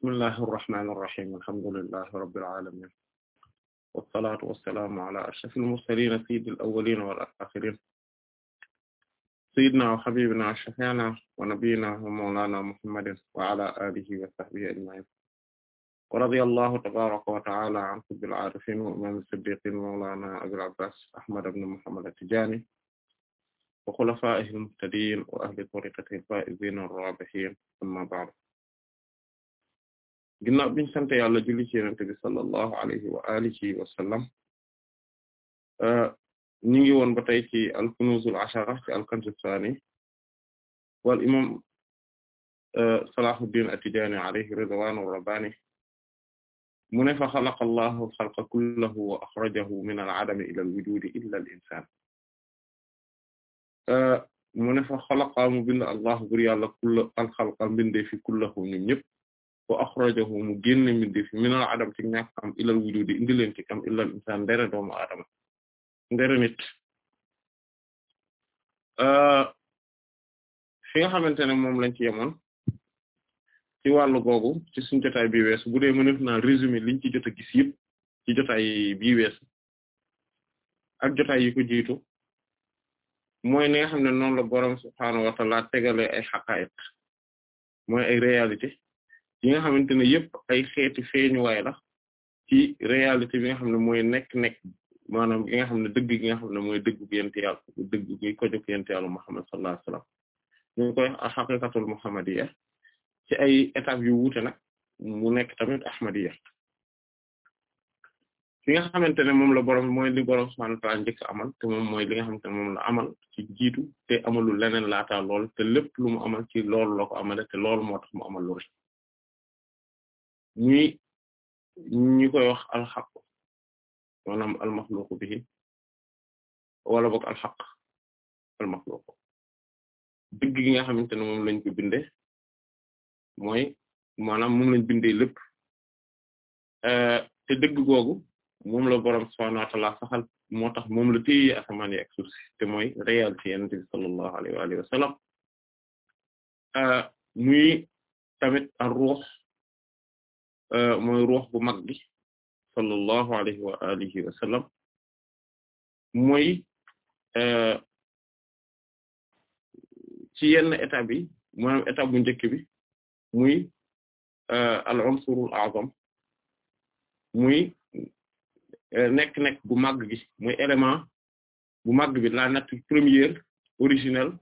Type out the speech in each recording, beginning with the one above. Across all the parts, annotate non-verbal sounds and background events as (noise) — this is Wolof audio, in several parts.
bismillahi arrahmani irrahim alhamdulillahi rabbil alamin wassalatu wassalaamu ala ashrafil mursalin sayyidil awwalin wal akhirin sayyidina wa habibina wa shafi'ina wa nabiyyina wa mawlana muhammadin wa ala alihi wa sahbihi ajma'in wa radiyallahu tabaraka wa ta'ala an qutbil arifin wa imam siddiqin mawlana abil abbas ahmad ibn muhammad at-tijani wa khulafa'ihil muhtadin wa ahli tariqatihi al-faa'izin ar-raabihin amma ba'd ginnaaw biñ sant yàlla julli ci yonent bi sallallahu alayhi wa alihi wa sallam euh, ñu ngi woon ba tey ci al kunuzul ashara ci wal imam euh, Salahuddin At-Tidjânî alayhi ridwanu rabbani mu ne fa xalaqa allahu al-xalqa wa axrajahu min al-adami ila al-wujudi illa al-insan euh, mu ne fa xalaqa mu bind allahu bur yàlla kull al-xalqa fi kullahu ñun ñëpp wa axrajahu mu génne mbindeef yi minal adam ci ñàkk am ilal wujudi indi euh, nga xamante ne moom lañ ci yemoon ci wàllu googu ci suñ jotaay bii weesu bu dee mënef naa résumé liñ ci jot a gis yëpp ci jotaay bii weesu ak jotaay mooy ni nga xam ne noonu la boroom subhaanahu wa ta'aala tegalee ay xaqaayit mooy ay réalité yi nga xamante ne yëpp ay xeeti feeñuwaay la ci réalité bi nga xam ne mooy nekk-nekk maanaam gi nga xam ne dëgg gi nga xam ne mooy dëgg bu yàlla dëgg gi ko jokk yent yàlla Muhammad sallallahu alayhi wasallam ñu koy xaqiqatul muhammadiyya ci ay étapes yu wuute nag mu nekk tamit ahmadiyya ki nga xamante ne moom la borom mooy li boroom subhanahu wa amal te moom mooy li nga xamante ne moom la amal ci jiitu te amalu leneen laataa lool te lépp lu mu amal ci loolu la ko amale te loolu moo tax mu amal rek ñuy ñi koy wax alxaq maanaam almaxluq bihi wala boog alxaq almaxluq dëgg gi nga xamante ne moom lañ ko binde mooy maanaam moom lañ binde lépp euh, te dëgg googu mom la boroom subhaanahu wa ta'aala saxal moo tax moom la téye asamaan yi ak te mooy réalité yonent bi sallallahu alayhi wa wa sallam euh, muy tamit ar ruux mooy ruux bu mag bi sallallahu alayhi wa alihi wa sallam mooy ci yenn étape yi maanaam étape bu njëkk bi muy al unsurul a'zam muy nekk-nekk bu màgg gi muy élément bu màgg bi la nature première originelle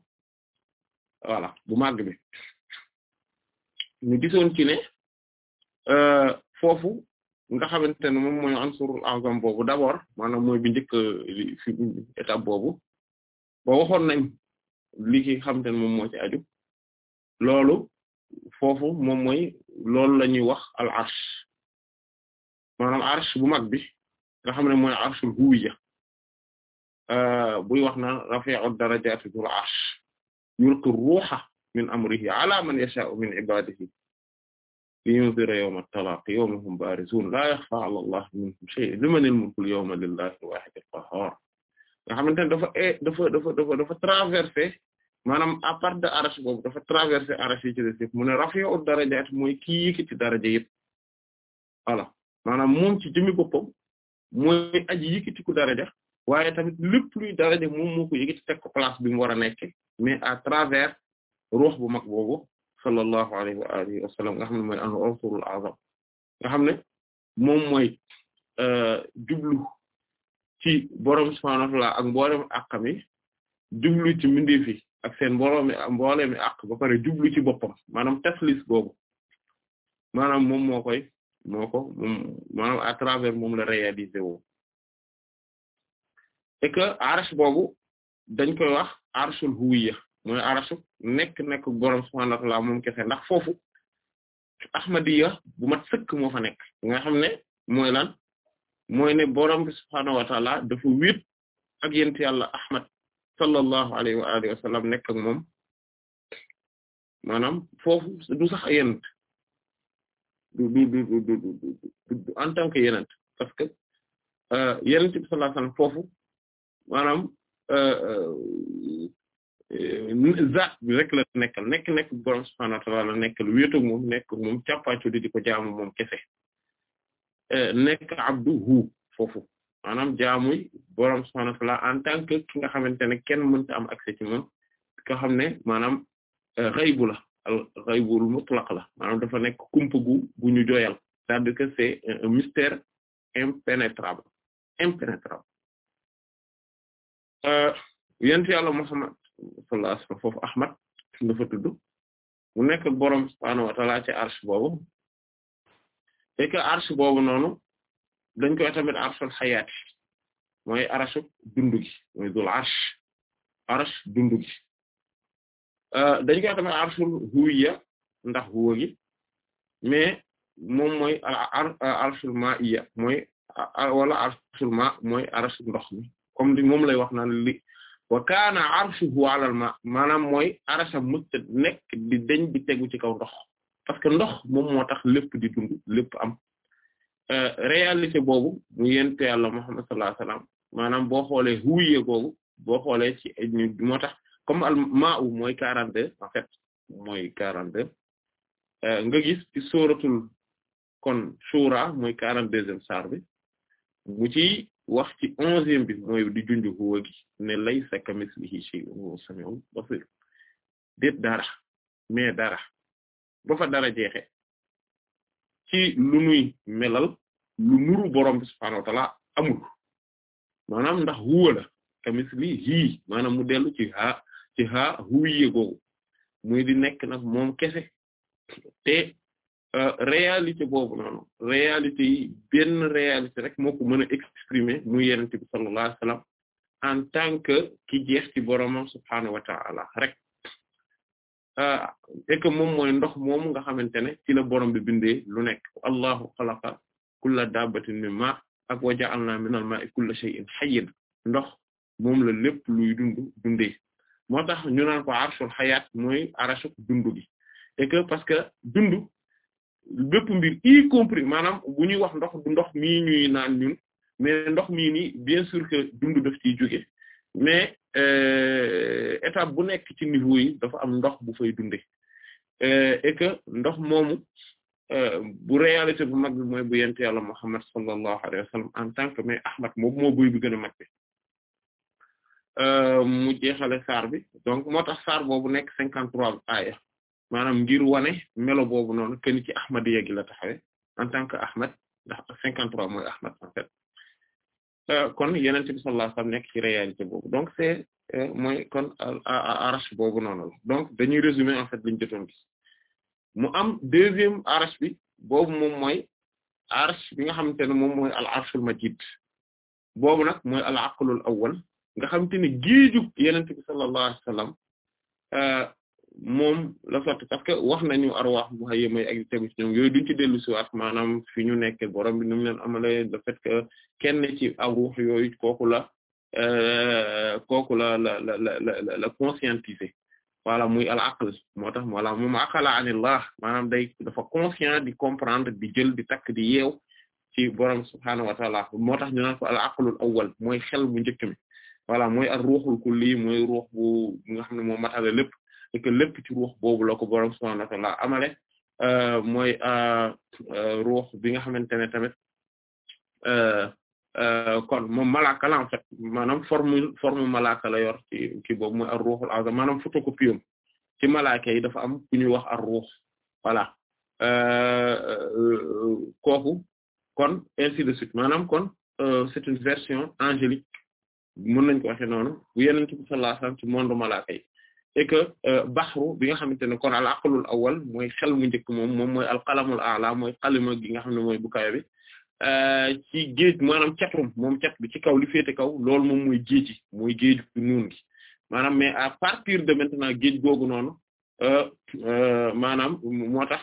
voilà bu màgg bi ñu gisoon ki ne Euh, foofu nga xamante ne moom mooy ansurul azam boobu d'abord maanaam mooy bi njëkk fi étape boobu ba waxoon nañ li ki xamante ne moom moo ci aju loolu foofu moom mooy loolu la ñuy wax al arsh maanaam arsh bu mag bi nga xam ne mooy arshul huwiya euh, buy wax na rafi'ud darajati dul arsh yulqi ruha min amrihi ala man min ibadihi لينذر a التلاق يوم هم بارزون لا يخفى على الله منهم شيء لمن الملك اليوم لله الواحد القهار nga xamante ne dafa eh, dafa dafa dafa dafa traversé maanaam à part de arrache boobu dafa traversé arrache yi ci des yëpp mu ne rafi'u darajaat mooy kii yëkkati daraja yëpp ci jëmi boppam mooy aji yëkkati ku daraja waaye tamit lépp luy daraja moom moo ko yëkkati teg place bi mu war a nekk mais à travers ruux bu mag boobu sallallahu alayhi wa alihi wa sallam nga xam ne mooy al unsurul azam nga xam ne moom mooy euh, jublu ci borom subhaanahu wa ak mboolem àqam yi jublu ci mbindeef yi ak seen ba pare jublu ci boppam maanaam taslis boobu maanaam moom moo koy moo ko moom maanaam à travers moom la réaliser wu. et que arsh boobu dañ koy wax arshul huwiyya mooy arasu nekk nekk borom subhaanahu wa ta'aala moom kese ndax foofu ahmadiyya bu mat sëkk moo fa nekk nga xam ne mooy lan mooy ne borom bi subhaanahu wa ta'aala ak yent yàlla ahmad sallallahu alayhi wa nekk ak moom maanaam foofu du sax yenent du en tant que yenent parce que euh, yenent bi sallallahu Euh, zaat bi rek la nekkal nekk nekk borom subhaanahu wa ta'aala la nekkal wéetu moom nekk moom càppaacu di di ko jaamu moom kese euh, nekk abduhu foofu maanaam jaamuy borom subhaanahu la ta'aala en tant que ki nga xamante ne kenn mënta am accès ci moom nga xam ne maanaam xaybu euh, la al xaybul mutlaq la maanaam dafa nekk kumpa gu gu ñu jooyal cest à que c'est un mystère impénétrable impénétrable yent yàlla Muhammad sallallahu alayhi wa sallam foofu Ahmad la fa tudd mu nekk boroom subhaanahu wa ta'aala ci arsh boobu et que arsh boobu noonu dañ koy tamit arshul xayaat mooy arashu dundu gi dul arsh arsh dundu euh, dañ koy tamit arshul huwiya ndax huwa gi mais moom mooy euh, arshul ma'iya mooy euh, wala arshul ma mooy arsh ndox mi comme moom lay wax naan wa kaana arshuhu alal ma maanaam mooy arasam mësta nekk di deñ di tegu ci kaw ndox parce que ndox moom moo tax lépp di dund lépp am euh, réalité boobu mu yent yàlla Muhammad sallallahu alayhi wasallam maanaam boo xoolee huwiye googu boo xoolee ci ñu moo tax comme al ma'u mooy quarante deux en fait mooy quarante deux euh, nga gis ci sóoratul kon shura mooy quarante deuxième saar bi mu ci wax ci onzième bi mooy di junj huwa gi ne laysa kamislihi shay'un wa samiul basir déet dara mais dara ba fa dara jeexe ci lu nuy melal lu nuru borom bi subhaanahu amul maanaam ndax huwa la kamislihi maanaam mu dellu ci ha ci ha googu muy di nekk nag moom kese te Euh, réalité boobu noonu réalité yi benn réalité rek moo ko mën a exprimer mu yenent bi sallallahu alayhi wa en tant que ki jeex ci boromam subhaanahu wa ta'ala rek euh, et que moom mooy ndox moomu nga xamante ne ci la borom bi bindee lu nekk allahu xalaqa kulla dabbatin min ma ak wa ja'alna minal ma'i kulla shay'in hayyin ndox moom la lépp luy dund dundee moo tax ñu naan ko arshul hayat mooy arashuk dund gi et que que dund bépp mbir y compris maanaam bu ñuy wax ndox du ndox mi ñuy naan ñun mais ndox mii nii bien sûr que dund daf ciy jóge mais euh, étape bu nekk ci ni yi dafa am ndox bu fay dunde euh, et que ndox moomu euh, bu réalité bu mag bi mooy bu yent yàlla Muhammad sallallahu alayhi wa sallam en tant mais Ahmad moom moo buy bi gën a mag bi mu jeexale saar bi donc moo tax saar bu nekk cinquante trois aaya maanaam ngir wane melo boobu noonu kenn ci ahmadiyya gi la en tant que ahmad ndax 53 mooy ahmad en fait euh, kon yenente bi sallallahu alayhi wasallam nekk ci réalité boobu donc c'est euh, mooy kon arache boobu noonu la donc dañuy résumer en fait liñ jotoon gis mu am deuxième arache bi boobu moom mooy arache bi nga xamante ne moom mooy al arshul majid boobu nag mooy al aqlul awwal nga xamante ne géejug yenente bi sallallahu alayhi wasallam euh, moom la sotti parce que wax nañu arwaax bu xëyee may ak tegu ci ñoom yooyu duñ ci dellu si waat maanaam fi ñu nekk borom bi nu mu leen amalee le fait ci arwaax yooyu kooku la euh, kooku la la la la la conscientiser voilà muy al aql moo tax voilà moom aqala anillah maanaam day dafa conscient di comprendre di jël di takk di yeew ci borom subhaanahu wa moo tax ñu naan ko mooy xel bu njëkk mi voilà mooy ar ruuxul kulli mooy ruux bu nga xam ne moo matale lépp. et que lépp ci ruux boobu la ko boroom subhaanahu wa ta'aala amale euh, mooy euh, euh, ruux bi nga xamante ne tamit kon moom malaaka la en fait maanaam forme forme malaaka la yor ci kii boobu mooy ar maanaam photocopie am ci yi dafa am ku ñuy wax a ruux voilà kooku kon ainsi de suite maanaam kon c'est une version angélique mën nañ ko waxe noonu bu yeneen ci sallallahu alayhi wasallam et que euh, baxru bi nga xamante ne kon al awal mooy xel mu njëkk moom moom mooy al qalamul a'la mooy xalima gi nga xam ne mooy bu kawe bi euh, ci géej maanaam catrum moom cat bi ci kaw li féete kaw loolu moom mooy géej yi mooy géeju nuun gi maanaam mais à partir de maintenant géej googu noonu euh, maanaam moo tax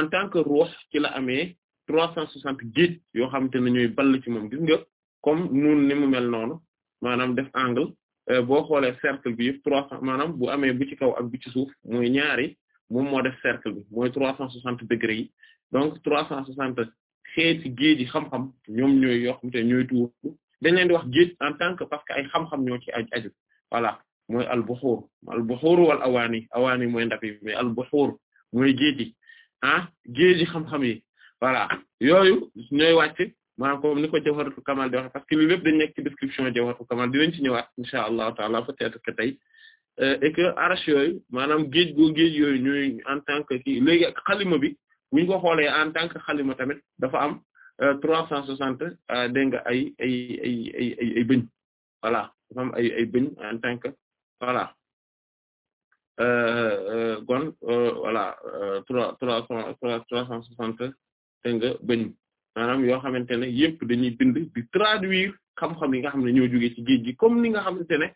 en tant que ruux ci la amee trois cent soixante géej yoo xamante ne ñooy ball ci moom gis nga comme nuun ni mu mel noonu maanaam def angle Euh, boo xoolee cercle bi yëpp trois cent maanaam bu amee bu ci kaw ak bu ci ñaari moom moo def cercle bi mooy trois cent soixante degrés yi donc trois cent soixante xeeti géej yi xam-xam ñoom ñooy yoo xam te ñooy tuur dañ leen di wax géej en tant que parce que ay xam-xam ñoo ci aju aju voilà mooy albuxuur albuxuur wal awaani awaani mooy ndab yi mais albuxuur mooy géej yi ah géej yi xam-xam yi voilà yooyu ñooy wàcc maanaam comme ni ko Jawharatul Kamal di waxe parce que li lépp dañ nekk ci description Jawharatul Kamal dinañ ci ñëwaat insha allahu taala peut-être que tey euh, et que arrache yooyu maanaam géej goo géej yooyu ñuy en tant que kii léegi xalima bi bu ñu ko xoolee en tant que xalima tamit dafa am euh, trois cent soixante euh, dégg nga ay ay ay ay ay voilà am ay ay bëñ en tant que voilà gon voilà trois trois cent trois cent soixante nga bëñ maanaam yoo xamante ne yëpp dañuy bind di traduire xam-xam yi nga xam ne ñoo jógee ci géej gi comme ni nga xamante ne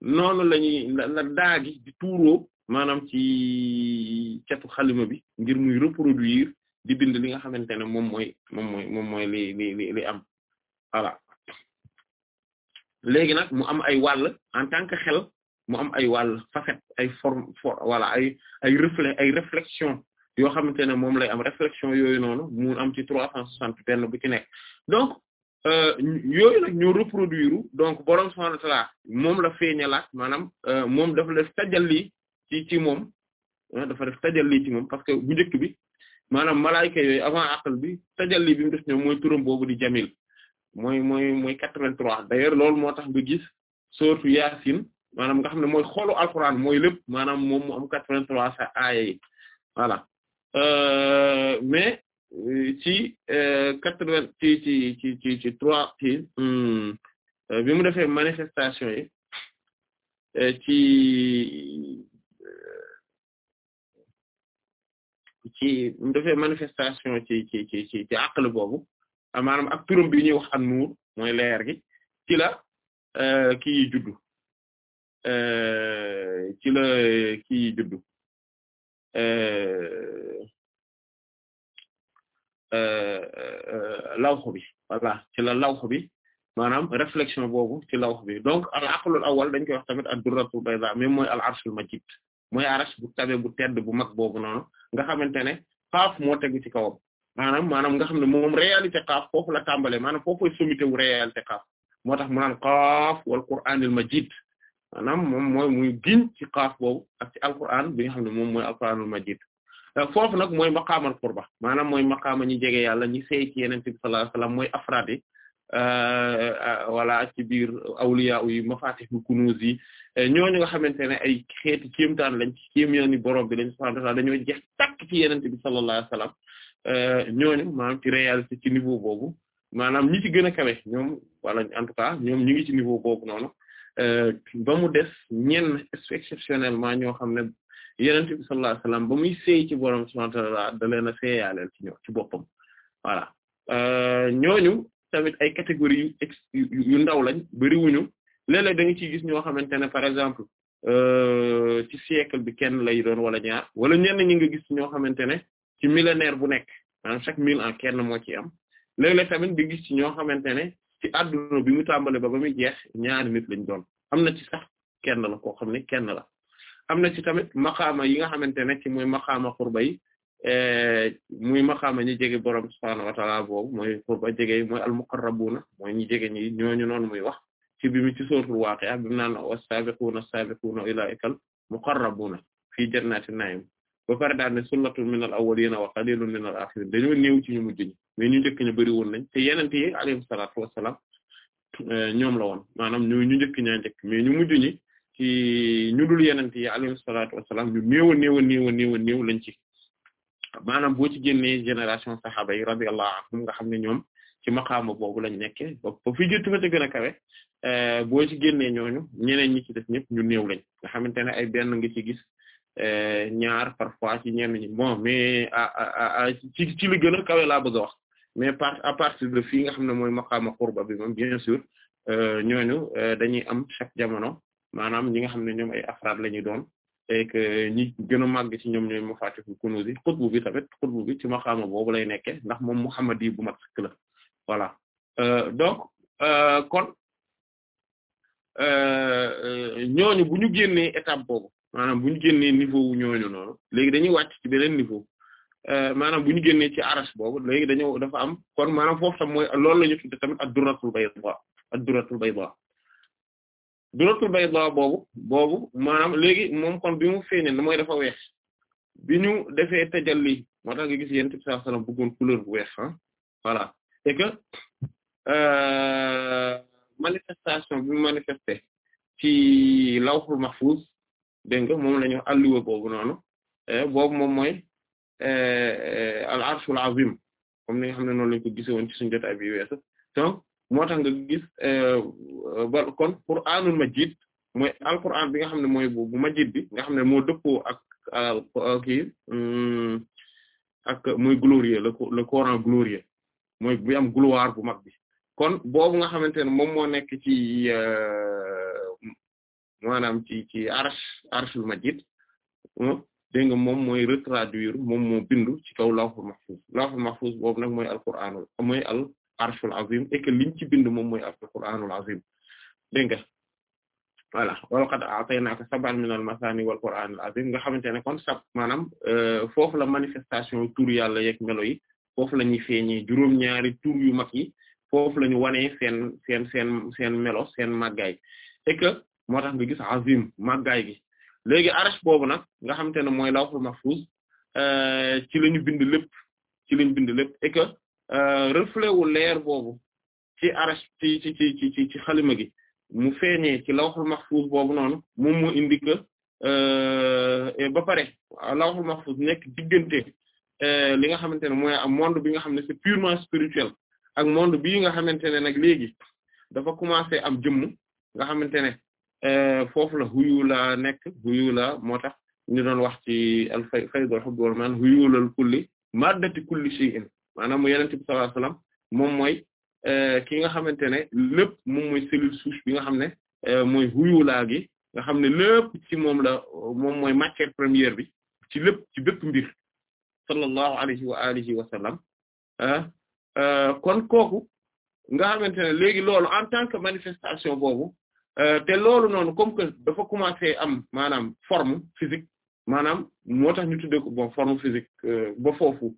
noonu la ñuy di tuuroo maanaam ci catu xalima bi ngir muy reproduire di bind li nga xamante ne moom mooy moom moom mooy li li li li am voilà léegi nag mu am ay wàll en tant que xel mu am ay wàll facette ay forme for wala ay ay ay réflexion yoo xamante ne moom lay am réflexion yooyu noonu mu am ci trois cent soixante benn bu ci nekk donc euh, yooyu nag ñoo reproduire donc borom subhaanahu wa ta'aala moom la feeñalaat maanaam euh, moom dafa def tajalli ci ci moom dafa def tajalli ci moom parce que bu njëkk bi maanaam malaayika yooyu avant aql bi tajalli bi mu def ñoom mooy turam boobu di jamil mooy mooy mooy quatre-vingt-trois d'ailleurs loolu moo tax nga gis sourate Yaasin maanaam nga xam ne mooy xoolu alxuraan mooy lépp maanaam moom mu am quatre-vingt-trois sa Euh, mais euh, ci euh, quatre-vingt ci ci ci ci ci trois ci hmm, bi mu defee manifestation yi ci ci mu defee manifestation ci ci ci ci ci àqal boobu maanaam ak turam bi ñuy wax an nuur mooy leer gi ci la kii juddu ci la kii juddu lawx bi voilà ci la lawx bi maanaam réflexion boobu ci lawx bi donc a aqlul awwal dañ koy wax tamit ad-durratul a même mooy al arshul majid mooy arash bu tabe bu tedd bu mag boobu noonu nga xamante ne xaaf moo tegu ci kawam maanaam maanaam nga xam ne moom réalité xaaf foofu la tàmbalee maanaam foofu sommité wu réalité xaaf moo tax mu naan xaaf wal qur'anil majid maanaam moom mooy muy giñ ci xaaf boobu ak ci alquran bi nga xam ne moom mooy alquranul majid Euh, foofu nag mooy maqaamal qurba maanaam mooy maqaama ñi jege yàlla ñi sey ci yenente bi sallallahu alayhi wasallam mooy afraad yi wala euh, euh, ci biir awliya yi mafatihul kunuz yi ñooñu nga xamante ne ay xeeti kéemtaan lañ ci kéem yoon ni borom bi lañ subhanahu wa ta'ala dañoo jeex tàkk ci yenente bi sallallahu alayhi wasallam ñooñu maanaam ci réalité ci niveau boobu maanaam ñi ci gën a kawe ñoom wala en tout cas ñoom ñu ngi niveau boobu noonu bamu mu des exceptionnellement ñoo xam ne yeneen bi sallallahu ba muy seey ci borom subhanahu wa ta'ala da leen a seeyaaleel ci ñoom boppam voilà euh, ñooñu tamit ay catégories yu ndaw lañ bariwuñu léeg-léeg da nga ciy gis ñoo xamante ne par exemple euh, ci siècle bi kenn lay doon wala ñaar wala ñenn ñi nga gis ñoo xamante ne ci millénaire bu nekk maanaam chaque mille ans kenn moo ci am léeg-léeg tamit di gis ci ñoo xamante ne ci àdduna bi mu tàmbale ba ba muy jeex ñaari nit lañ doon am na ci sax kenn la koo xam ne kenn la am na ci tamit maqaama yi nga xamante ne ci muy maqaama xurba yi eh, muy maqaama ñi jege borom subhaanahu wa ta'aala boobu mooy xurba jege mooy al-muqarrabuuna mooy ñi jege ñi ñooñu noonu muy wax ci bi mu ci suuratul waaqi'a bi mu naan was-saabiquuna as-saabiquuna ulaa'ika al-muqarrabuuna fii jannaati na'iim ba pare daal ne sullatun minal awwaliina wa qaliilun minal aaxiriin dañoo néew ci ñu mujj ñi mais ñu njëkk ñu bari woon nañ te yeneen yi alayhim salaatu wa salaam eh, ñoom la woon maanaam ñu ñu njëkk ñu mujj ñi. ci ñu dul yeneen yi alayhi salaatu wassalaam ñu néew a néew a néew a néew a néew ci maanaam boo ci génnee génération saxaaba yi radiyallahu anhum nga xam ne ñoom ci maqaama boobu lañ nekkee o ba fi jot gën a kawe eh, boo ci génnee ñooñu ñeneen ñi ci def ñëpp ñu néew lañ nga xamante ne ay benn ngi ci gis eh, ñaar parfois ci ñenn ñi bon mais ci ci li gën a kawe laa bëgg wax mais par fii nga xam ne mooy maqaama xurba bi moom bien sûr eh, ñooñu dañuy am chaque jamono. maanaam ñi nga xam ne ñoom ay afraad la ñu doon et ñi gën a màgg ci ñoom ñooy mafatixu kunuzi xutbu bi tamit xutbu bi ci maqaama boobu lay nekke ndax moom muhammad bu mat sëkk la voilà euh, donc euh, kon euh, ñooñu bu ñu génnee étape boobu maanaam bu ñu génnee niveau wu ñooñu noonu léegi dañu wàcc ci beneen niveau maanaam bu ñu génnee ci aras boobu léegi dañoo dafa am kon maanaam foofu tam mooy loolu la ñu tudde tamit ad-durratul bayda ad-durratul duratul bayda boobu boobu maanaam léegi moom kon bi mu feeñee na mooy dafa weex bi ñu defee tajalli moo tax nga gis yent bi sallallahu alayhi wasallam couleur bu weex ah voilà c'est que euh, manifestation bi mu ci lawhul mahfuz dégg nga moom la ñu alluwa boobu noonu eh, boobu moom mooy eh, eh, al arshul azim comme ni nga xam ne noonu lañu ko gisewoon ci suñu jotaay bi weesu donc moo tax nga gis euh, ba kon qur'anul majid mooy alquran bi nga xam ne mooy bu majid bi nga xam ne moo dëppoo ak euh, euh, kii hmm, ak mooy glorieux le coran glorieux mooy bi am gloire bu mag bi kon boobu nga xamante ne moom moo nekk ci maanaam ci ci arsh arshul majid hmm, dégg nga moom mooy retraduire moom moo bindu ci kaw lawhul mahfuz lawhul mahfuz boobu nag mooy alquranul mooy al arshul azim et que liñ ci bind moom mooy alquranul azim dégg nga voilà wala qad a'taynaka sab'an minal masani wal qur'anil azim nga xamante ne kon sab maanaam euh, foofu la manifestation tur yàlla yeeg melo yi foofu la ñuy feeñee juróom tur yu mag yi foofu la ñu wanee seen seen seen melo seen màggaay et que moo tax nga gis azim màggaay gi léegi arsh boobu nag nga xamante ne mooy lawhul mahfuz euh, ci la ñu bind lépp ci lañ bind lépp Euh, reflet wu leer boobu ci arash ci ci ci ci ci xalima gi mu feeñee ci lawhul mahfuz boobu noonu moom moo indi que euh, ba pare lawhul mahfuz nekk diggante euh, li nga xamante ne mooy am monde bi nga xam ne c'est purement spirituel ak monde bii nga xamante ne nag léegi dafa commencé am jëmm nga xamante ne foofu la huyu la nekk huyu la moo tax ñu doon wax ci al faydul hubb wal man huyulal kulli maddati kulli shay'in maanaam mu yenente bi sallallahu alayhi wasallam moom mooy euh, ki nga xamante ne lépp moom mooy cellule souche bi nga xam ne euh, mooy huyulaa gi nga xam ne lépp ci moom la moom mooy matière première bi ci lépp ci bépp mbir sallallahu alayhi wa alihi wa sallam ah, euh, kon kooku nga xamante ne léegi loolu en tant que manifestation boobu te loolu noonu comme que dafa commencer am maanaam forme physique maanaam moo tax ñu tuddee ko bon forme physique ba foofu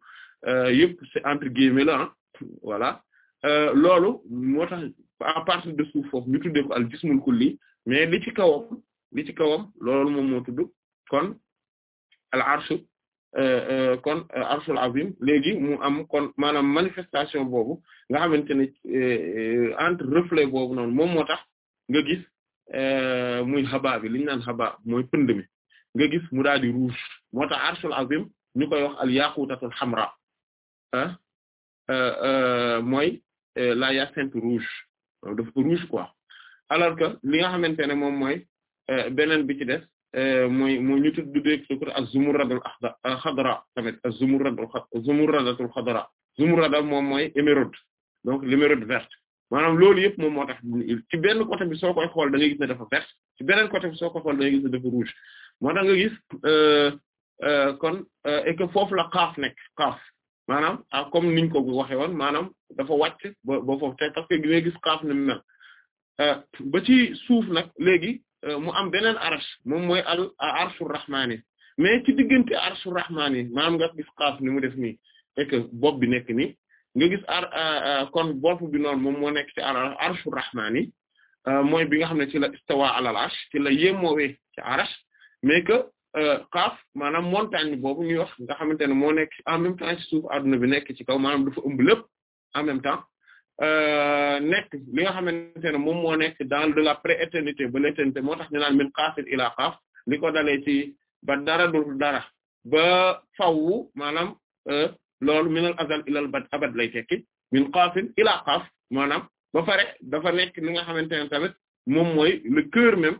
Euh, yëpp c'est entre guillemets la ah voilà euh, loolu moo tax à partir de suuf foofu ñu tuddee ko al jismul kulli mais li ci kawam li ci kawam loolu moom moo tudd kon al arsh euh, kon arshul azim léegi mu am kon maanaam manifestation boobu nga xamante ne entre reflet boobu noonu moom moo tax nga gis muy xabaa bi li ñu naan xabaa mooy pënd mi nga gis mu daal di rouge moo tax arshul azim ñu koy wax al yaqutatul xamra Euh, euh, mooy euh, la hyacinthe rouge dafa rouge quoi alors que li nga xamante ne moom mooy beneen bi ci des mooy mooy ñu tuddee ko az-zumurradul xadra tamit az-zumurradul zumurradatul xadra zumurrada moom mooy émeraude donc l'émeraude verte maanaam loolu yëpp moom moo tax ci benn côté bi soo koy xool da ngay gis ne dafa verte ci beneen côté bi soo koy xool da ngay gis ne dafa kon et foofu la xaaf nekk xaaf maanaam a ah, comme niñ ko waxee woon maanaam dafa wàcc ba ba te parce que dina gis xaaf ni mu euh, ci suuf nag léegi euh, mu am beneen arsh moom mooy al arshur rahmaani mais ci diggante arshur rahmaani maanaam nga gis xaaf ni mu def nii et que bopp bi nekk nii nga gis ar kon bopp bi noonu moom moo nekk ci arshur rahmaani euh, mooy bi nga xam ne ci la istawa alal arsh ci la yemoowee ci arsh mais Euh, xaaf maanaam montagne boobu ñuy wax nga xamante ne moo nekk en même temps ci suuf adduna bi nekk ci kaw maanaam dafa ëmb lépp en même temps euh, nekk li nga xamante ne moom moo nekk dans de la pré-éternité ba l'éternité moo tax ñu naan min xaafin ila xaaf li ko dalee ci ba dara dul dara ba faww maanaam euh, loolu minal azal ilal bad abad lay tekki min xaafin ilaa xaaf maanaam ba pare dafa nekk li nga xamante ne tamit moom mooy le cœur même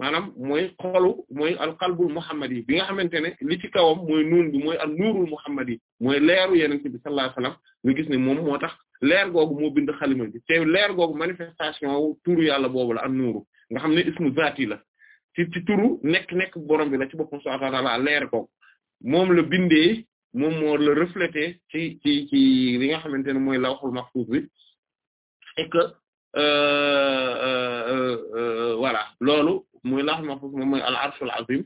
maanaam mooy xolu mooy alqalbul muhammadi bi nga xamante ne li ci kawam mooy nuun mooy al nuurul muhammadi mooy leeru yenente bi sallallahu alayhi gis ne moom moo tax leer googu moo bind xalima bi te leer googu manifestation turu yàlla boobu la an nuuru nga xam ne ismu zaati la ci ci turu nekk nekk borom bi la ci boppam subhaanahu wa ta'aala leer googu moom la bindee moom moo reflété ci ci ci li nga xamante ne mooy lawhul mahfuz bi et que euh, euh, euh, voilà muy laaxul mahfuus moom mooy al arshul azim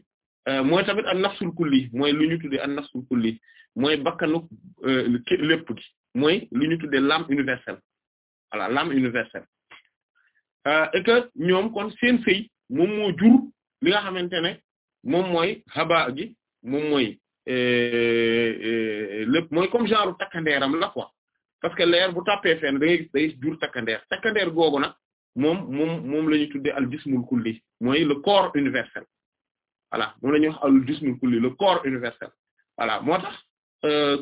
euh, mooy tamit an nafsul kulli mooy lu ñu tuddee an nafsul kulli mooy bakkanu euh, lépp gi mooy lu ñu tuddee l'âme universelle voilà l'âme universelle euh, et que ñoom kon seen sëy moom moo jur li nga xamante ne moom mooy haba gi moom mooy lépp mooy comme genre takkandeeram la parce que leer bu tàppee fenn da ngay gis day jur takkandeer takkandeer googu moom moom moom la ñuy tuddee al jismul kulli mooy le corps universel voilà moom la ñuy wax al jismul kulli le corps universel voilà moo tax euh,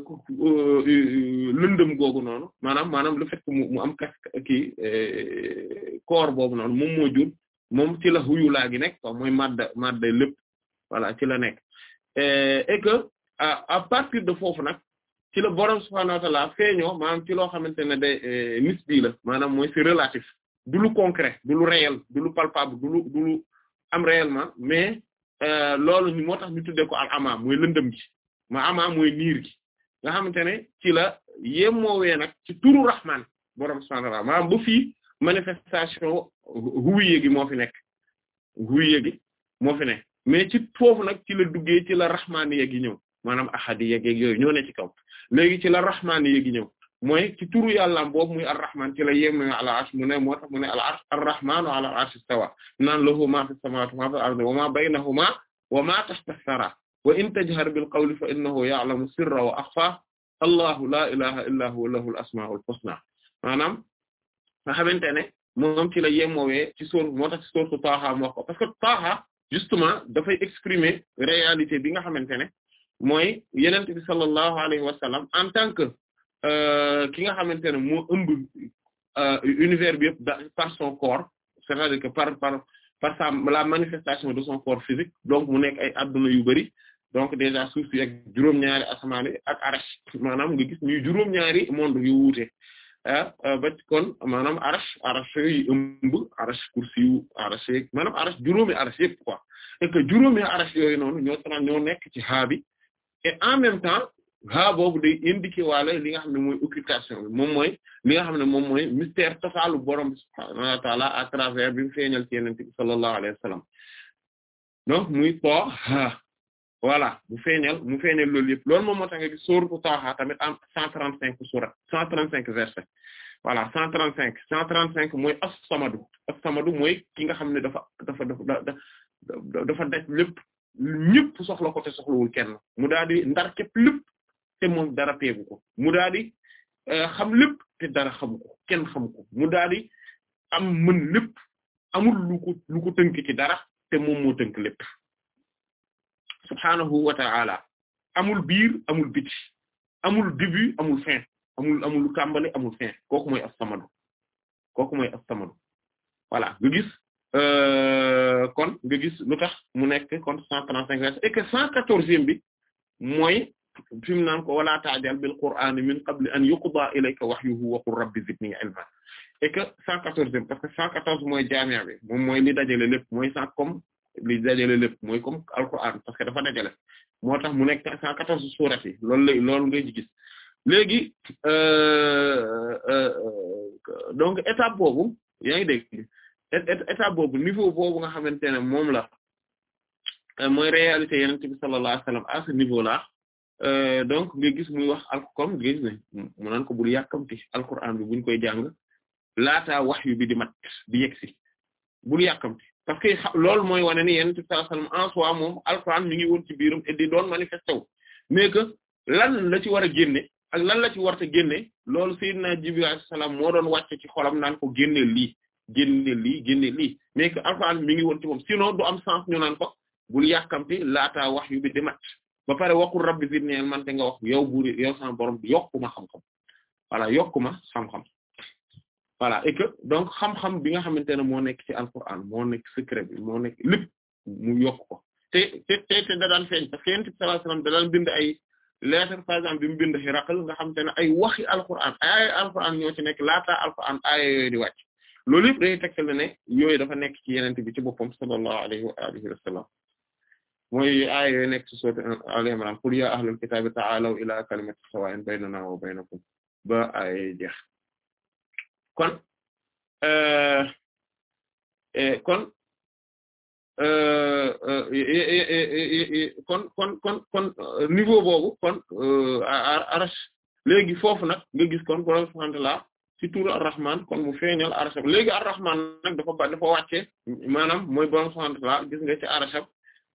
euh, euh, lëndëm googu noonu maanaam maanaam le fait que mu am kas kii corps boobu noonu moom moo jur moom ci la huyulaa gi nekk quoi mooy madda madda lépp voilà ci la nekk et que à partir de foofu nag ci la borom subhaanahu wa ta'aala feeñoo maanaam ci loo xamante ne day nisbi la maanaam mooy relatif du lu concret du lu réel du lu palpable du lu du am réellement mais euh, loolu ñu moo tax ñu tuddee ko al ama mooy lëndëm gi ma ama moy niir gi nga xamante ne ci la yemmoowee nag ci turu rahman borom subhanahu wa ta'ala ba fii manifestation huwiye gi moo fi nekk huwiye gi moo fi ne mais ci foofu nag ci la duggee ci la rahman yeeg yi ñëw maanaam ahadi yeeg yooyu ñoo ne ci kaw léegi ci la rahman yeeg yi ñëw mooy ci turu yàllaam boobu muy arrahman ci la yem na ala arsh mu ne moo tax wa ma fil ardi wa ma baynahuma wa ma wa in tajhar bil qawli fa innahu ya'lamu sirra wa akhfa allahu la ilaha illa huwa lahu al asmaul husna maanaam nga xamante ne moom ci la yemoowee ci soor moo tax ci soor su Taaha mu wax ko justement dafay exprimer réalité bi nga xamante ne mooy yenent bi sallallahu alayhi wa en tant que Euh, ki nga xamante ne moo ëmb euh, univers bi yëpp par son corps c'est-à-dire que par par par sa la manifestation de son corps physique donc mu nekk ay adduna yu bari donc déjà suuf si ak juróom-ñaari asamaan ak arache maanaam nga gis ñuy juróom-ñaari monde yu wuute ah euh, ba kon maanaam arache arache yi ëmb arache kursiyu arache yeeg maanaam juróomi arache yëpp quoi et que juróomi arache yooyu noonu ñoo tax ñoo nekk ci xaabi et en même temps ha boobu day indiqué wa li nga xam ne mooy occultation bi moom mooy li nga xam ne moom mooy mystère tofaalu borom bi subhaanahu wa bi mu feeñal ci yenente bi sallallahu alayhi wa sallam mu feeñal loolu yëpp loolu moo tax nga gis sourate tamit am cent trente cinq sourate cent trente cinq versets voilà cent trente cinq cent trente cinq mooy as-samadu ki nga xam ne dafa dafa dafa dafa daj lépp ñëpp soxla ko te soxlawul kenn daal di ndar képp te moom dara peegu ko mu daal di euh, xam lépp te dara xamu ko kenn xamu am mën lépp amul lu ko lu dara te moom moo tënk lépp subhaanahu wa amul biir amul biti amul début amul fin amul amul tàmbali amul fin kooku mooy as-samadu kooku mooy as-samadu voilà nga gis euh, kon nga lu tax mu nekk kon cent trente cinq verset et cent quatorzième bi mooy fi mu naan ko wala ta'jal bil qur'an min qabli an yuqda ilayka wahyuhu wa qul rabbi zidni ilma et que cent quatorzième parce que cent quatorze mooy jaamia bi moom mooy li dajale lépp mooy cent comme li dajale lépp mooy comme alquran parce que moo tax mu nekk cent quatorze sourate yi loolu lay loolu ngay gis léegi euh, euh, euh, donc étape boobu yaa ngi dégg étape niveau boobu nga xamante ne moom la mooy réalité yenente bi sallallahu alayhi wasallam à ce niveau là Euh, donc nga gis mu wax al comme nga gis ne mu naan ko bul yàkkamti alquran bi buñ koy jàng laataa wahyu bi di mat bi yegsi bul yàkkamti parce que loolu mooy wane ni yonent bi sallallahu alayhi wasallam en soi moom alquran mi ngi woon ci biiram et di doon manifesté wu mais que lan la ci war a génne ak lan la ci war a génne loolu sayyidina Jibril alayhi salaam moo doon wàcce ci xolam naan ko génne lii génne lii génne lii mais que alquran mi ngi woon ci moom sinon du am sens ñu naan ko bul yàkkamti laataa wahyu bi di mat ba pare waqul rabbi zidni ilman te nga wax yow buur yokku ma xam-xam voilà yokku ma xam-xam voilà et donc xam-xam bi nga xamante ne moo nekk ci alquran moo nekk secret bi moo nekk lépp mu yokk ko te te te da daan feeñ parce que yonent bi sallallahu ay lettre par exemple bi mu bind Hiraql nga xamante ne ay waxi alquran ay ay alquran ñoo ci nekk laata alquran ay yooyu di wàcc loolu yëpp dañuy tegtal ne nekk ci yonent bi ci boppam sallallahu wa alihi mooy aaya yooyu nekk ci sourate Al Imran qul ya ahlal kitaabi ta'aalaw ilaa kalimatin sawaa'in baynanaa wa baynakum ba aaya jeex kon kon kon kon kon kon niveau boobu kon eh, arash léegi foofu nag nga gis kon borom subhaanahu wa ta'aala ci turu kon mu feeñal arasham léegi ar-Rahmaan nag dafa ba dafa wàcce maanaam mooy borom subhaanahu wa ta'aala gis nga ci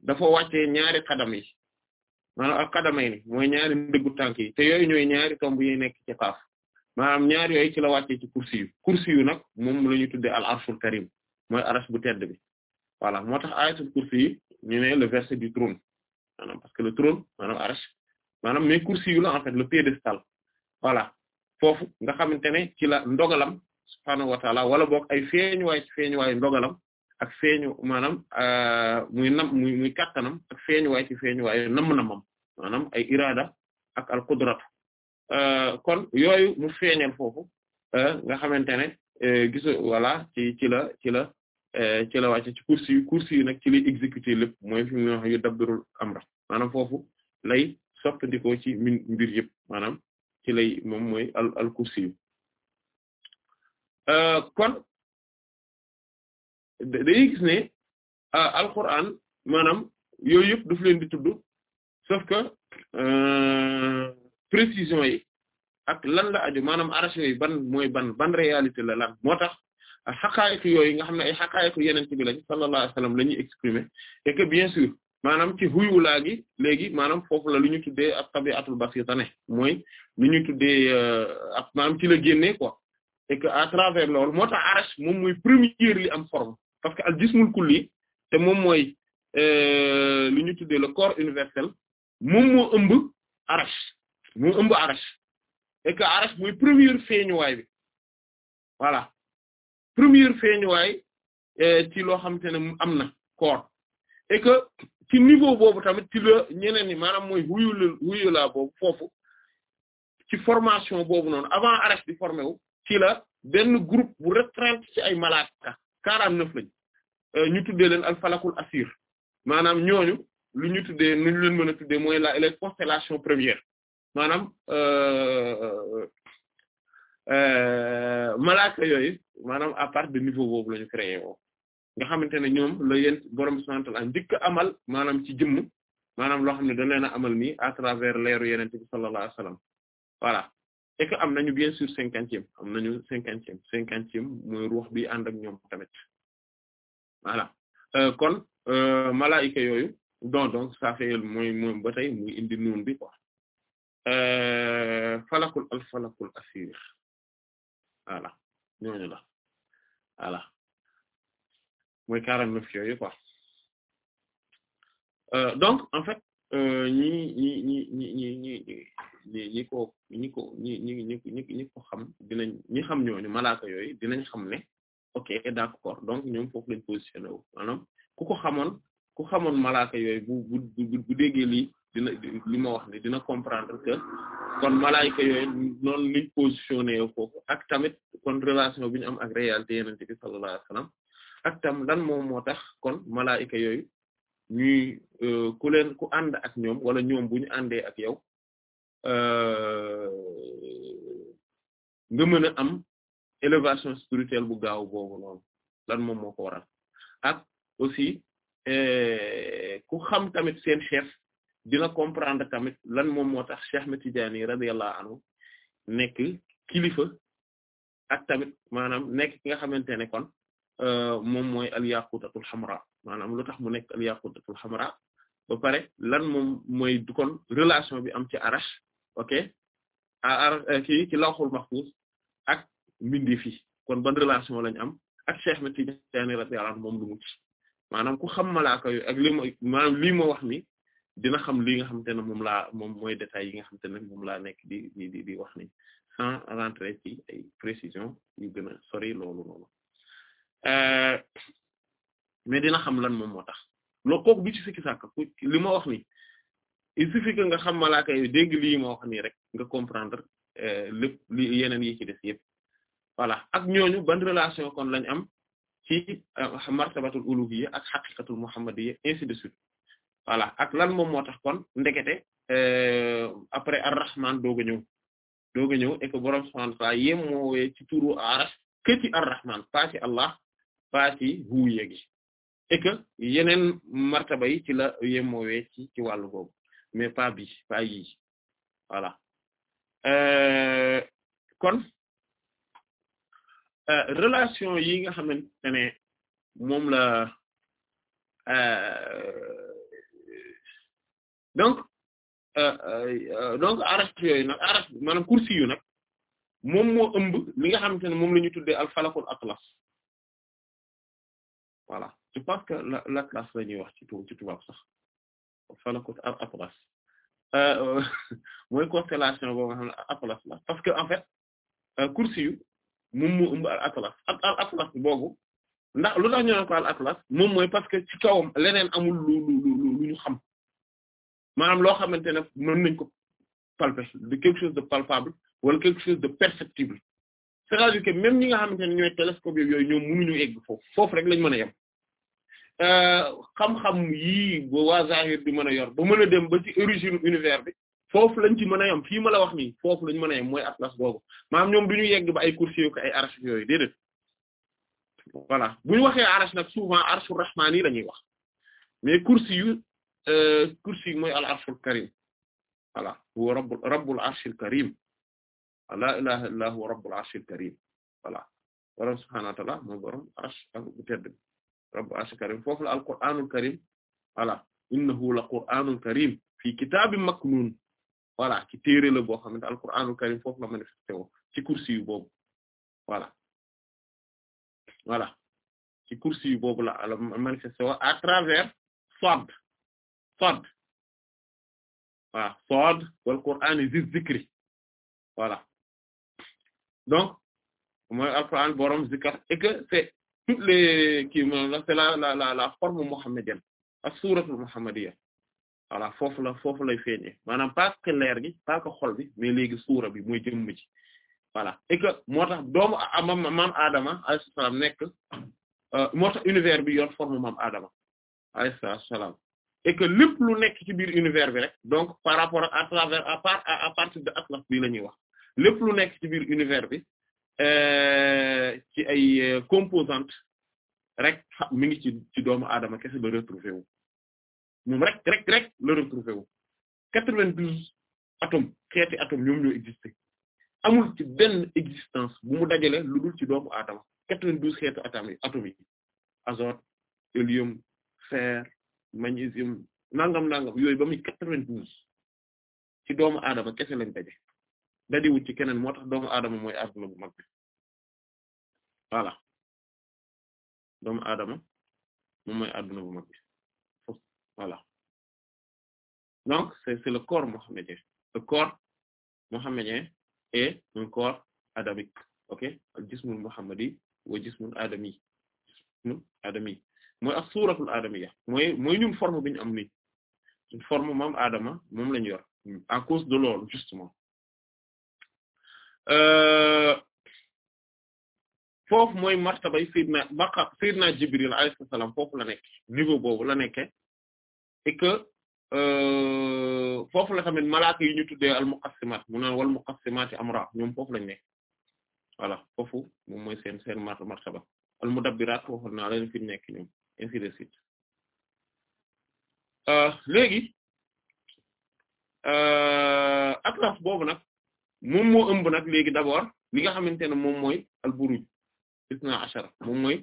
dafa wàccee ñaari xadam yi maanaam ak xadamay ni mooy ñaari ndëggu tànk yi te yooyu ñooy ñaari tomb yi nekk ci xaaf maanaam ñaar yooyu ci la wàccee ci kursi yu kursi yu nag moom la ñu tuddee al arshul karim mooy arash bu tedd bi voilà moo tax ayatul kursi yi ñu ne le verset du trône maanaam parce que le trône maanaam arash maanaam mais kursi yu la en fait le piédestal voilà foofu nga xamante ne ci la ndogalam subhaanahu wa taala wala boog ay feeñuwaay ci feeñuwaayu ndogalam ak feeñu maanaam euh, muy nam muy muy kàttanam ak feeñuwaay ci feeñuwaay namm-namam maanaam ay irada ak al qudrat euh, kon yooyu mu feeñal foofu euh, nga xamante ne gisu wala ci ci la ci la ci la wàcce ci kursi yi kursi yi nag ci lay exécuter lépp mooy fi mu wax yu dabbirul amra maanaam foofu lay soppandikoo ci min mbir yëpp maanaam ci lay moom mooy al al kursi yi kon day gis ne alquran maanaam yooyu yëpp daf leen di tudd sauf que euh, précision yi ak lan la aju maanaam arrachés yi ban mooy ban ban réalité la lan moo tax xaqaayiku yooyu nga xam ne ay xaqaayiku yeneen ci bi lañ sallallahu la ñuy exprimer et bien sûr maanaam ci huyulaa gi légi maanaam foofu la lu ñu tuddee ak tabi'atul basita ne mooy lu ñu tuddee euh, ak maanaam ci la génnee quoi et à travers loolu moo tax arrache moom mooy première li am forme parce que al jismul moom mooy euh, lu ñu tuddee le corps universel moom moo ëmb arash moo ëmb arash et que arash mooy première feeñuwaay bi voilà première feeñuwaay euh, ci loo xamante ne am na corps et que ci niveau boobu tamit ci la ñeneen ñi maanaam mooy wuyul wuyu laa boobu ci formation boobu noonu avant arash di formé wu ci benn groupe bu restreint ci ay malaaka quarante neuf lañu Euh, ñu tuddee leen al falakul assir maanaam ñooñu lu ñu tuddee nu leen mën a tuddee mooy la les constellations premières maanaam euh, euh, malaaka yooyu maanaam à part de niveau boobu la ñu créé woo nga xamante ne ñoom la yent borom subhanahu wa ta'ala amal maanam ci jëmm maanaam loo xam ne dañ leen a amal nii à travers leeru yenente bi sallallahu alayhi wasallam voilà am nañu bien sûr cinquantième am nañu cinquantième cinquantième mooy ruux bi ànd ak ñoom tamit voilà euh, kon euh, malaayika yooyu don donc ça fait mooy mooy ba tey muy indi nuun bi quoi euh, falakul al falakul asir ñooñu la voilà mooy quarante neuf yooyu quoi donc en fait ñi ñi ñi ñi ñi ñi ñi ñi ko ñi ko ñi ñi ñi ñi ko xam dinañ ñi xam ñooñu malaaka yooyu dinañ xam ne ok d'accord donc ñoom foofu lañ positionné wu maanaam ku ko xamoon ku xamoon malaaka yooyu bu bu bu déggee dina li ma wax ni dina comprendre que kon malaaka yooyu noonu liñ positionné wu foofu ak tamit kon relation bi ñu am ak réalité yenente bi sallallahu alayhi wasallam ak tam lan moom moo tax kon malaaka yooyu ñuy euh, ku leen ku ànd ak ñoom wala ñoom bu ñu àndee ak yow euh, nga mën a am élévation spirituelle bu gaaw boobu noonu lan moom moo ko waral ak aussi eh, ku xam tamit seen chef dina comprendre tamit lan moom moo tax Cheikh Ahmed Tidiane radiyallahu anhu nekk kilifa ak tamit maanaam nekk ki nga xamante ne kon euh, moom mooy al-yaqutatul hamra maanaam lu tax mu nekk al-yaqutatul hamra ba pare lan moom mooy du kon relation bi am ci arash ok a ar kii ci lawhul mahfuz ak mbindeef yi kon ban relation lañ am ak Cheikh Ahmed Tidiane radiyallahu anhu moom du mucc maanaam ku xam malaaka yooyu ak li ma lii ma wax ni dina xam li nga xamante ne moom laa moom mooy détails yi nga xamante ne moom laa nekk di di di di wax ni sans rentrer ci ay précision yu gën a sori loolu noonu euh, mais dina xam lan moom moo tax loo kooku du ci sikki sàkk li ma wax ni il suffit que nga xam malaaka yooyu dégg lii ma wax nii rek nga comprendre euh, lépp li yeneen yi ci des voilà ak ñooñu ban relation kon lañ am ci euh, martabatul uluhiyya ak xaqiqatul muhammadiyya ainsi de suite voilà ak lan moom moo tax kon ndekete euh, après ar-rahman doog a ñëw doog a ñëw et que borom ci turu arash que ci ar allah pas ci huwiyya gi martaba yi ci la yem moowee ci ci wàllu boobu mais pas bi pas yii voilà euh, kon. Euh, relation yi nga xamante ne moom la euh, donc euh, donc arach na nag arach maanaam kursi yu nag moom moo ëmb li nga xamante ne moom la ñu tuddee al falakul atlas voilà je pense que l'atlas la ñuy wax ci tu ci tubaab sax falakul atlas (laughs) mooy constellation boobu nga xam ne atlas la parce que en fait kursi yu moom moo ëmb al atlas ak al atlas boobu ndax lu tax ñu naan ko al atlas moom mooy parce que ci kawam leneen amul lu lu lu ñu xam maanaam loo xamante ne mën nañ ko palper de quelque chose de palpable wala quelque chose de perceptible c'est-à-dire que même ñi nga xamante ne ñooy télescope yooyu ñoom mënuñu egg foofu foofu rek lañ mën a yem euh, xam-xam yii bo waa zahir di mën a yor ba mën a dem ba ci origine univers bi foofu lañ ci mën a yem fii ma la wax nii foofu lañ mën a yem mooy atlas googu maanaam ñoom du ñu yegg ba ay kursi yu ko ay arsh yooyu déedéet voilà bu ñu waxee arsh nag souvent arshu rahmaan yi la ñuy wax mais kursi yu kursi euh, mooy al arshul karim voilà huwa rabbul rabbul la arsh ak bu la al qur'aanul karim voilà innahu la qur'aanul karim fii kitaabin maknuun voilà ci téere la boo xamante alqur'aanul karim foofu la manifesté woo ci kursi yu boobu voilà voilà ci kursi yu boobu la la manifesté woo à travers Sod Sod waaw Sod wal qur'aani zi zikri voilà donc mooy alqur'aan borom zikar et que c'est toutes les kii moom la c'est la la la forme mohammedienne as-suuratul mohammediya voilà foofu la foofu lay feeñee maanaam pas que leer gi pas que xol bi mais léegi suura bi mooy jëmm ci voilà moo tax doomu maam maam Adama alayhi salaam nekk euh, moo tax univers bi yor forme maam Adama alayhi salaam et que lu nekk ci biir univers bi rek donc par rapport à travers à partir de atlas bi la ñuy wax lépp lu nekk ci biir univers bi euh, ci ay euh, composantes rek mi ngi ci ci doomu Adama kese la retrouvé wu. moom rek rek rek la retrouvé wu douze atomes xeeti atomes ñoom ñoo existé amul ci benn existence bu mu dajale lu dul ci doomu aadama quatre-vingt-douze xeetu atomes yi atomes yi azote hélium nangam nangam yooyu ba muy quatre douze ci doomu aadama kese lañ daje dajewul ci keneen moo tax doomu aadama mooy adduna bu mag bi voilà doomu aadama moom mooy adduna bu mag voilà donc c'est c'est le corps mohammedien le corps mohammedien est un corps adamique ok al jismul muhammadi wa jismul adami jismul adami mooy ak adamiya mooy mooy ñun forme bi am ni une forme moom Adama moom lañu yor à cause de loolu justement euh, foofu mooy martabay Seydina baqa Seydina Jibril alayhi salaam la nekk niveau boobu la nekke et que euh, foofu la tamit malaaka yi ñu tuddee al muqassimat mu naan wal muqassimati amra ñoom foofu lañ ne voilà foofu moom mooy seen seen martaba al mudabbirat waxoon naa leen fi mu nekk ñoom ainsi de suite euh, léegi euh, atlas boobu nag moom moo ëmb nag léegi d'abord li nga xamante ne moom mooy al buruj isna ashara moom mooy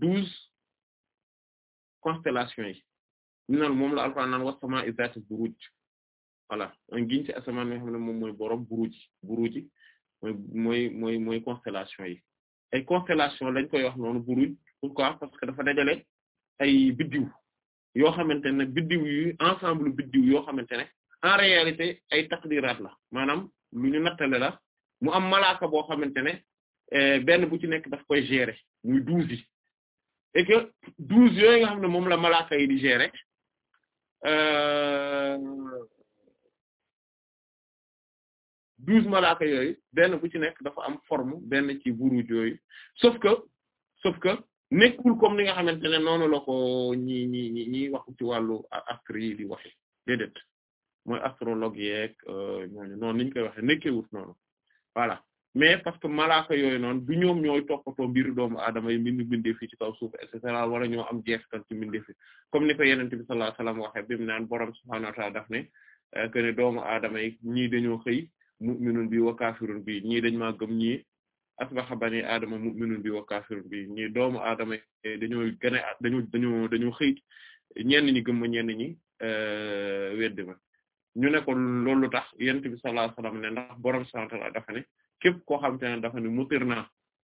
douze constellations yi ñu moom la Alxuraan naan was-samaa'i zaati buruuj voilà un giñ ci asamaan mi moom mooy borom buruuj buruuj mooy mooy mooy mooy constellation yi ay constellation lañ koy wax noonu buruuj pourquoi parce que dafa dajale ay biddiw yoo xamante ne biddiw yu ensemble biddiw yoo xamante ne en réalité ay taqdiraat la maanaam mi ñu nattale la mu am malaaka boo xamante ne eh, benn bu ci nekk daf koy gérer muy douze yi et que douze yooyu nga xam ne moom la malaaka yi di gérer Euh, douze malaaka yooyu benn bu ci nekk dafa am forme benn ci buruj yooyu sauf que sauf que wul comme ni nga xamante ne noonu la ko ñi ñi ñi ñiy wax ci wàllu astre yi di waxe déedéet mooy astrologue yeeg euh, ñooñu noonu niñ koy waxe nekkewut noonu voilà mais parce que malaaka yooyu noonu du ñoom ñooy o mbiru doomu aadama yi mbind mbindeef fi ci kaw suuf et cetera wala ñoo am jeexital ci mbindeef fi comme ni ko yonent bi sallallahu alayhi wasallam waxee mu naan borom subhaanahu euh, doomu aadama yi ñii dañoo xëy mu'minun bi wa kaafirun bi ñii dañ maa gëm ñii asbaha bani aadama mu'minun bi wa kaafirun bi ñii doomu aadama yi dañoo gën a xëy ñenn ñi gëm ma ñenn ñi euh, weddi ma ñu ne ko loolu tax yonent bi sallallahu alayhi ne ndax borom subhaanahu wa dafa ne képp koo xamante ne dafa ne mutirna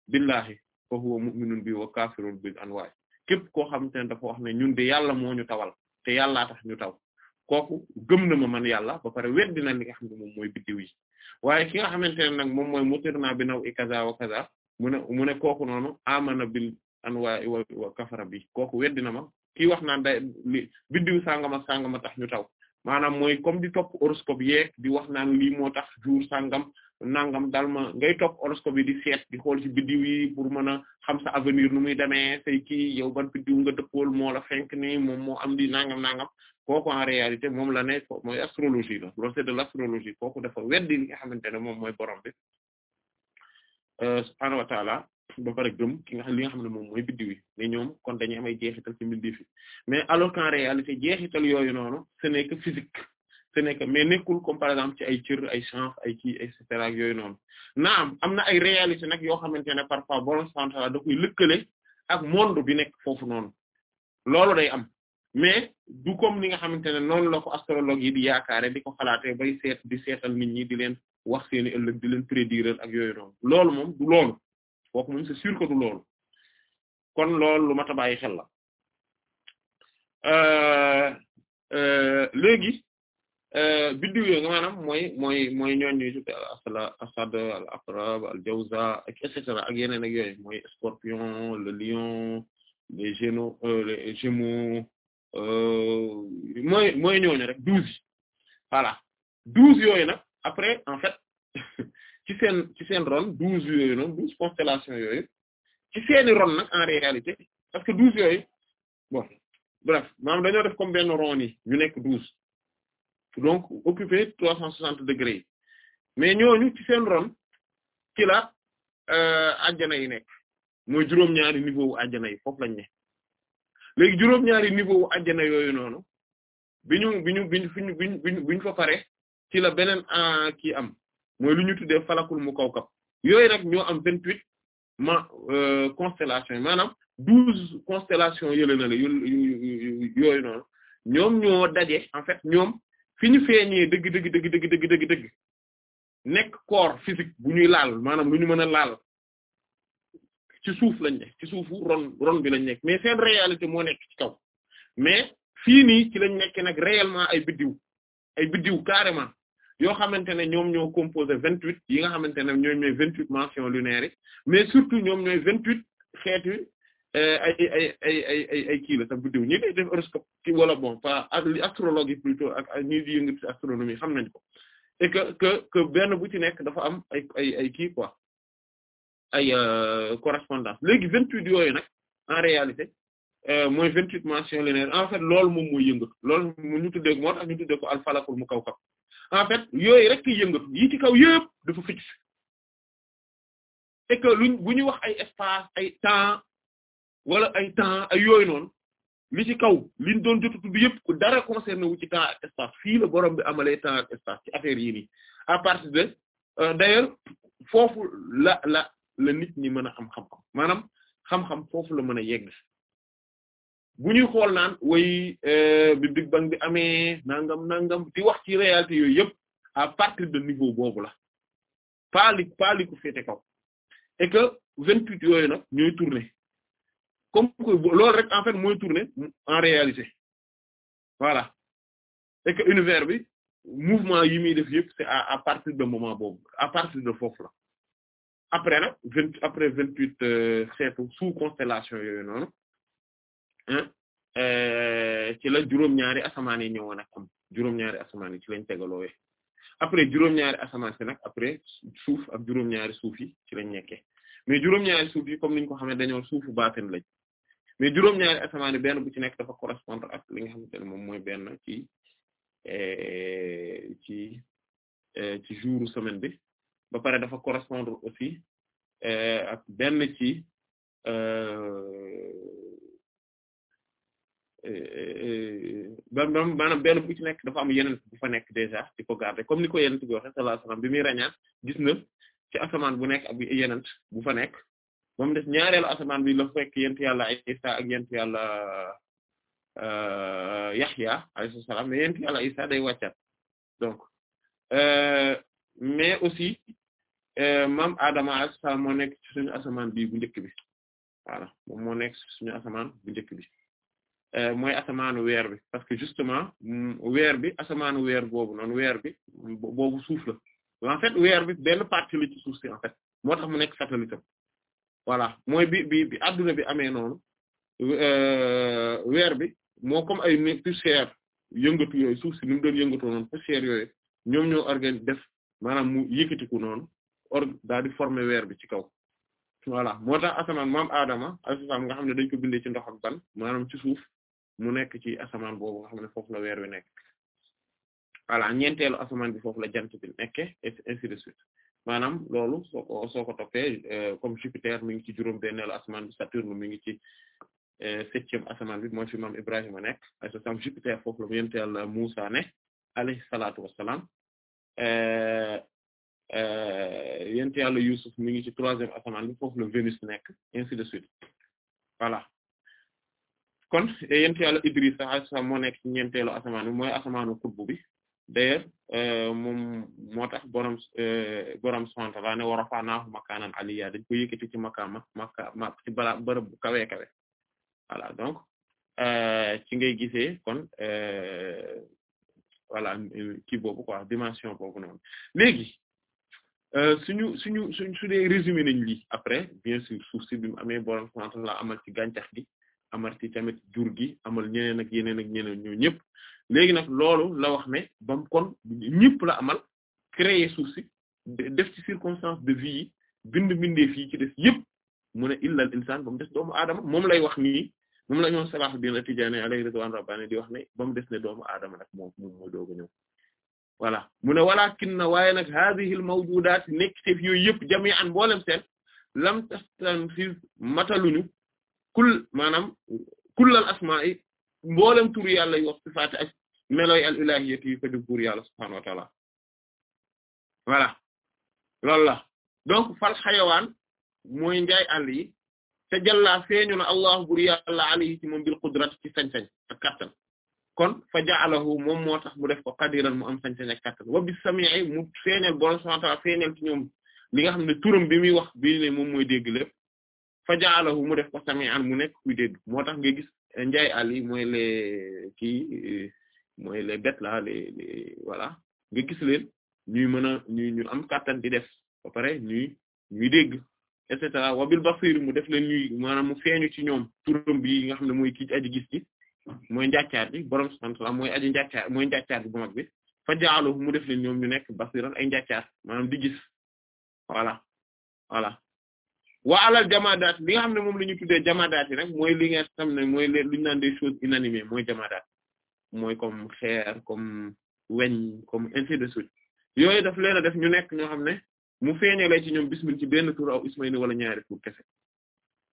billahi fa huwa mu'minun bi wa kafirun bi anwaay képp koo xamante ne dafa wax ne ñun de yàlla moo ñu tawal te yàllaa tax ñu taw kooku gëm na ma man yàlla ba pare weddi na li nga xam ne moom mooy biddiw yi waaye ki nga xamante ne nag moom mooy mutirna bi naw i kaza wa kaza mu ne mu ne kooku noonu amana bil anwaay wa kafara bi kooku weddi na ma kii wax naan day li biddiw sàngama sàngama tax ñu taw maanaam mooy comme di topp horoscope yeeg di wax naan lii moo tax jour sangam nangam dal ma ngay topp horoscope yi di seet di xool ci biddiw yi pour mën a xam sa avenir nu muy demee say kii yow ban biddiw nga dëppool moo la fenk ni moom moo am di nangam nangam kooku en réalité moom la ne mooy astrologie la loolu c'est de l'astrologie kooku dafa weddi li nga xamante ne moom mooy borom bi euh, subhaanahu wa ba pare gëm ki nga xam li nga xam ne moom mooy biddiw yi ne ñoom kon dañuy am ay jeexital ci mbindeef yi mais alors qu'en réalité jeexital yooyu noonu ce n'est que physique ce n'est que mais nekkul comme par exemple ci ay cër ay chance ay kii et cetera yooyu noonu naam am na ay réalité nag yoo xamante ne parfois borom subhanahu wa ta'ala da koy lëkkale ak monde bi nekk foofu noonu loolu day am mais du comme ni nga xamante ne noonu la ko astrologue yi di yaakaare di ko xalaatee bay seet di seetal nit ñi di leen wax seeni ëllëg di leen prédire ak yooyu noonu loolu moom du loolu kooku moom c'est sûr que du loolu kon loolu lu mat a bàyyi xel la euh, euh, léegi euh, biddiw yooyu nga maanaam mooy mooy mooy ñooñu ñu asala asad al aqrab al jawza ak cetera ak yeneen ak yooyu mooy scorpion le lion les gémeaux les gémeaux mooy mooy ñooñu rek douze voilà douze après en fait (laughs) ci seen ci ron douze yooyu noonu douze constellations yooyu ci seeni ron nag en réalité parce que douze yooyu bon bref maanaam dañoo def comme benn ron yi ñu nekk douze donc occupé trois cent soixante degrés yi mais ñooñu ci seen ron ci la ajjana euh, yi nekk mooy juróom-ñaari niveau wu yi foofu lañ ne léegi juróom-ñaari niveau wu yooyu noonu bi ñu bi ñu fa pare ci la beneen euh, kii am mooy lu ñu tuddee falakul mukawkab yooyu nag ñoo am vingt huit ma euh, constellation maanaam douze constellation yële na la noonu ñoom ñoo daje en fait ñoom fi ñu feeñee dëgg dëgg dëgg dëgg dëgg dëgg dëgg nekk corps physique bu ñuy laal maanaam lu ñu mën a laal ci suuf lañ nekk ci suufu ron bi lañ nekk mais seen réalité moo nekk ci kaw mais fii nii ci lañ nekk nag réellement ay biddiw ay biddiw carrément yoo xamante ne ñoom ñoo composé vingt huit yi nga xamante ne ñoom ñooy vingt huit mentions lunaires yi mais surtout ñoom ñooy vingt huit xeetu euh, ay ay ay ay ay ay kii la sax biddiw ñi day def horoscope ci wala bon pas astrologie plutôt ak ñi di yëngu ci astronomie xam nañ ko et que que que benn bu ci nekk dafa am ay ay ay kii quoi ay euh, correspondance léegi vingt huit yooyu nag en réalité euh, mooy vingt huit mentions lunaires en fait loolu moom mooy yëngu loolu mu ñu tuddee moo tax ñu tuddee ko al falakul mu kaw kaw en fait yooyu rek kiy yëngatu yi ci kaw yëpp dafa fixe et que luñ bu ñuy wax ay espace ay temps wala ay temps ay yooyu noon li ci kaw liñ doon jotutu bi yëpp dara concerné wu ci temps espace fii la borom bi amalee temps espace ci affaire yi nii à partir de euh, d'ailleurs foofu la la la nit ñi mën a am xam-xam maanaam xam-xam foofu la mën a yegg bu ñuy xool naan way euh, bi Big Bang bi amee nangam nangam di wax ci réalité yooyu yëpp à partir de niveau boobu la paali paali ko féete que vingt huit yooyu nag ñooy tourner comme que loolu rek en fait mooy tourner en réalité voilà et que univers bi mouvement yi muy def yëpp à à partir de moment boobu à partir de foofu la après na vingt après vingt huit euh, xeetu sous constellation yooyu noonu Ah, eh, ci la juróom-ñaari asamaan yi ñëwoon ak am juróom-ñaari asamaan yi ci lañ tegaloowe après juróom-ñaari asamaan si nag après suuf ak juróom-ñaari suuf yi ci lañ nekkee mais juróom-ñaari suuf yi comme niñ ko xamee dañoo suufu baatin lañ mais juróom-ñaari asamaan yi benn bu ci nekk dafa correspondre ak li nga ne moom mooy benn ci eh, ci eh, ci semaine bi ba pare dafa correspondre aussi benn ci. Euh, ba maanaam benn bu nekk dafa am yeneen bu fa nekk déjà di ko garder comme ni ko yeneen bi waxee sallallahu alayhi wasallam bi muy ràññaan gis na ci asamaan bu nekk ak bu fa nekk moom des ñaareelu asamaan bi la fekk yent yàlla Isa ak yent yàlla euh, Yaxya alayhi salaam mais yent yàlla Isa day wàccaat donc euh, mais aussi euh, maam Adama moo nekk ci suñu asamaan bi bu njëkk bi voilà moom moo nekk suñu asamaan bu njëkk bi. Euh, mooy asamaanu weer bi parce que justement mm, weer bi asamaanu weer boobu noonu weer bi mm, boobu suuf la en fait weer bi benn partie ci suuf si moo tax mu nekk satellite am mooy bi bi bi adduna bi amee noonu euh, weer bi moo comme ay poussière yëngatu yooyu suuf si ni mu doon yëngatoo noonu poussière yooyu ñoom ñoo organ def maanaam mu noonu or daal di weer bi ci kaw voilà moo tax asamaan maam Adama alayhi nga xam ne dañ ko bindee ci ndox ak ban maanaam ci suuf mu nekk ci asamaan boobu nga xam ne foofu la weer wi nekk voilà ñeenteelu asamaan bi foofu la jant bi nekke ainsi de suite maanaam loolu soo ko soo ko toppee euh, comme Jupiter mi ngi ci juróom-benneelu asamaan bi Saturne mi ngi ci euh, septième asamaan bi mooy fi maam Ibrahima nekk ay sa sam Jupiter foofu la ñeenteel euh, Musa salaatu wassalaam yent yàlla Yusuf mu ngi ci troisième asamaan bi foofu la Vénus nekk ainsi de suite voilà kon eh, yent yàlla Idris alayhi salaam moo nekk ci ñeenteelu asamaan bi mooy asamaanu xutbu bi d'ailleurs euh, tax borom euh, borom subhaanahu wa ta'aala ne wa rafa'naahu makaanan aliyyaa dañ ko yëkkati ci makaama maka ma ci ka bërëb bu kawe kawe voilà donc euh, ci ngay gisee kon voilà kii boobu quoi dimension boobu noonu léegi suñu suñu suñ su dee résumé nañ lii après bien sûr suuf si bi mu amee borom subhaanahu wa amal ci gàncax gi. amat ci tamit jur gi amal ñeneen ak yeneen ak ñeneen ñoo ñëpp léegi nag loolu la wax ne bam kon ñëpp la amal créer suuf def ci circonstance de vie yi bind bindee fii ki des yëpp mu ne illal insaan ba mu des doomu aadama moom lay wax nii moom la ñoom Salahuddin At-Tidjânî alayhi ridwaan rabbani di wax ne ba mu des ne doomu aadama nag moom moom mooy doog a ñëw voilà mu ne walakin na waaye nag hadhihi al mataluñu kul maanaam kullal asma'i mboolem tur yàlla yi wax sifaati ak melo al ilahiyati yi fa di buur yàlla subhaanahu wa ta'ala voilà loolu la donc fal xayawaan mooy njaay àll yi te jàllaa feeñu na allah buur yàlla yi ci moom bil qudrat ci sañ-sañ ak kattan kon fa ja'alahu moom moo tax mu def ko qadiran mu am sañ-sañ ak kattan wa bis sami'i mu feeñal borom subhaanahu wa ta'ala feeñal ci ñoom li nga xam ne turam bi muy wax bi ne moom mooy dégg lépp fa jaalahu mu def ko sami'an mu nekk kuy dégg moo tax nga gis eh, njaay ali mooy les kii eh, mooy le bêtes là les les voilà nga gis leen ñuy mën a ñuy ñu am kàttan di def ba pare ñuy ñuy dégg et cetera wabil basir mu def leen ñuy maanaam mu feeñu ci ñoom pour bi nga xam ne mooy kii aji gis ci mooy njàccaar bi borom subhanahu wa ta'ala mooy aji njàccaar mooy njàccaar bi bu mag bi fa jaalahu mu def leen ñoom ñu nekk basiran ay njàccaar maanaam di gis voilà voilà waa alal jamadaat li nga xam ne moom la ñu tuddee jamadaat yi nag mooy li nga xam ne mooy lu ñu naan des choses inanimées mooy jamadaat mooy comme xeer comme weñ comme ainsi de suite yooyu daf leen a def ñu nekk ñoo xam ne mu feeñalee ci ñoom bismil ci benn tur aw ismaili wala ñaari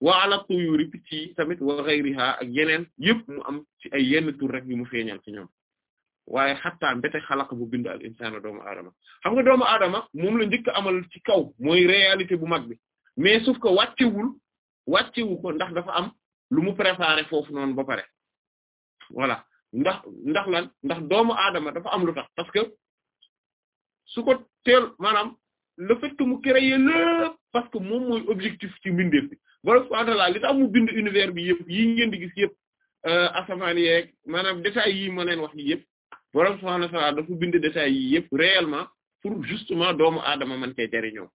wa ala tuyuri yi tamit wa ghayriha ak yeneen yëpp am ay yenn tur rek yu mu feeñal ci ñoom waaye xattaa mbete xalaq bu bind al insaana doomu aadama xam nga doomu aadama moom la njëkk amal ci kaw mooy réalité bu mag bi mais sauf que wàccewul wàccewu ko ndax dafa am lu mu préparé foofu noonu ba pare voilà ndax ndax lan ndax doomu aadama dafa am lu tax parce que suko ko teel maanaam le fait que mu créer lépp parce que moom mooy objectif ci mbindeef bi borom subhanahu wa ta'ala li tax mu bind univers bi yëpp yi ngeen di gis yëpp euh, asamaan yeeg maanaam détails yi ma leen wax yi yëpp borom subhanahu wa ta'ala dafa bind détails yi yëpp réellement pour justement doomu aadama man cee jariñoo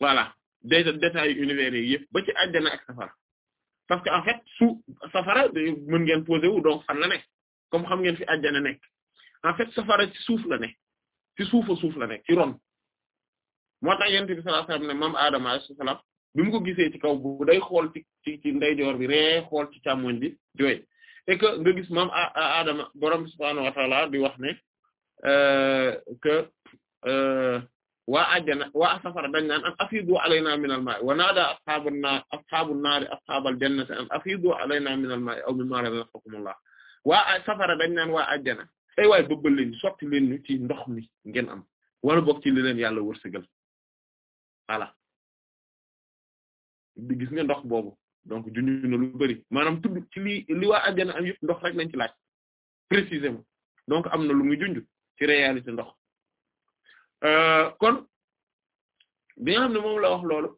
voilà déjà détails yu ba ci àjjana ak safara parce que a fait su safara mën ngeen posé wu donc fan la comme xam ngeen fi àjjana nekk en fait safara ci suuf la ne ci suufa suuf la nekk ci ron moo tax yent bi sallallahu alayhi wasallam ne maam Adama alayhi salaam bi mu ko ci kaw bu day xool ci ci ci ndeyjoor bi ree xool ci càmmoñ bi jooy et que nga gis maam Adama borom subhaanahu wa ta'ala di wax ne euh, que. Euh, waa ajjana waa safara dañ naan an afidu alayna min al ma'i wa nada ashabun nar ashabun nar ashabal jannati an afidu alayna min al ma'i aw mimma razaqakum Allah a safara dañ naan waa ajjana ay waay bëggal leen sotti leen ñu ci ndox mi ngeen am wala bokk ci leen yàlla wërsëgal voilà di gis nga ndox boobu donc junñu na lu bari maanaam tudd ci li li waa ajjana am yëpp ndox rek lañ ci laaj précisément donc am na lu muy junj ci réalité ndox Euh, kon bi nga xam ne moom la wax loolu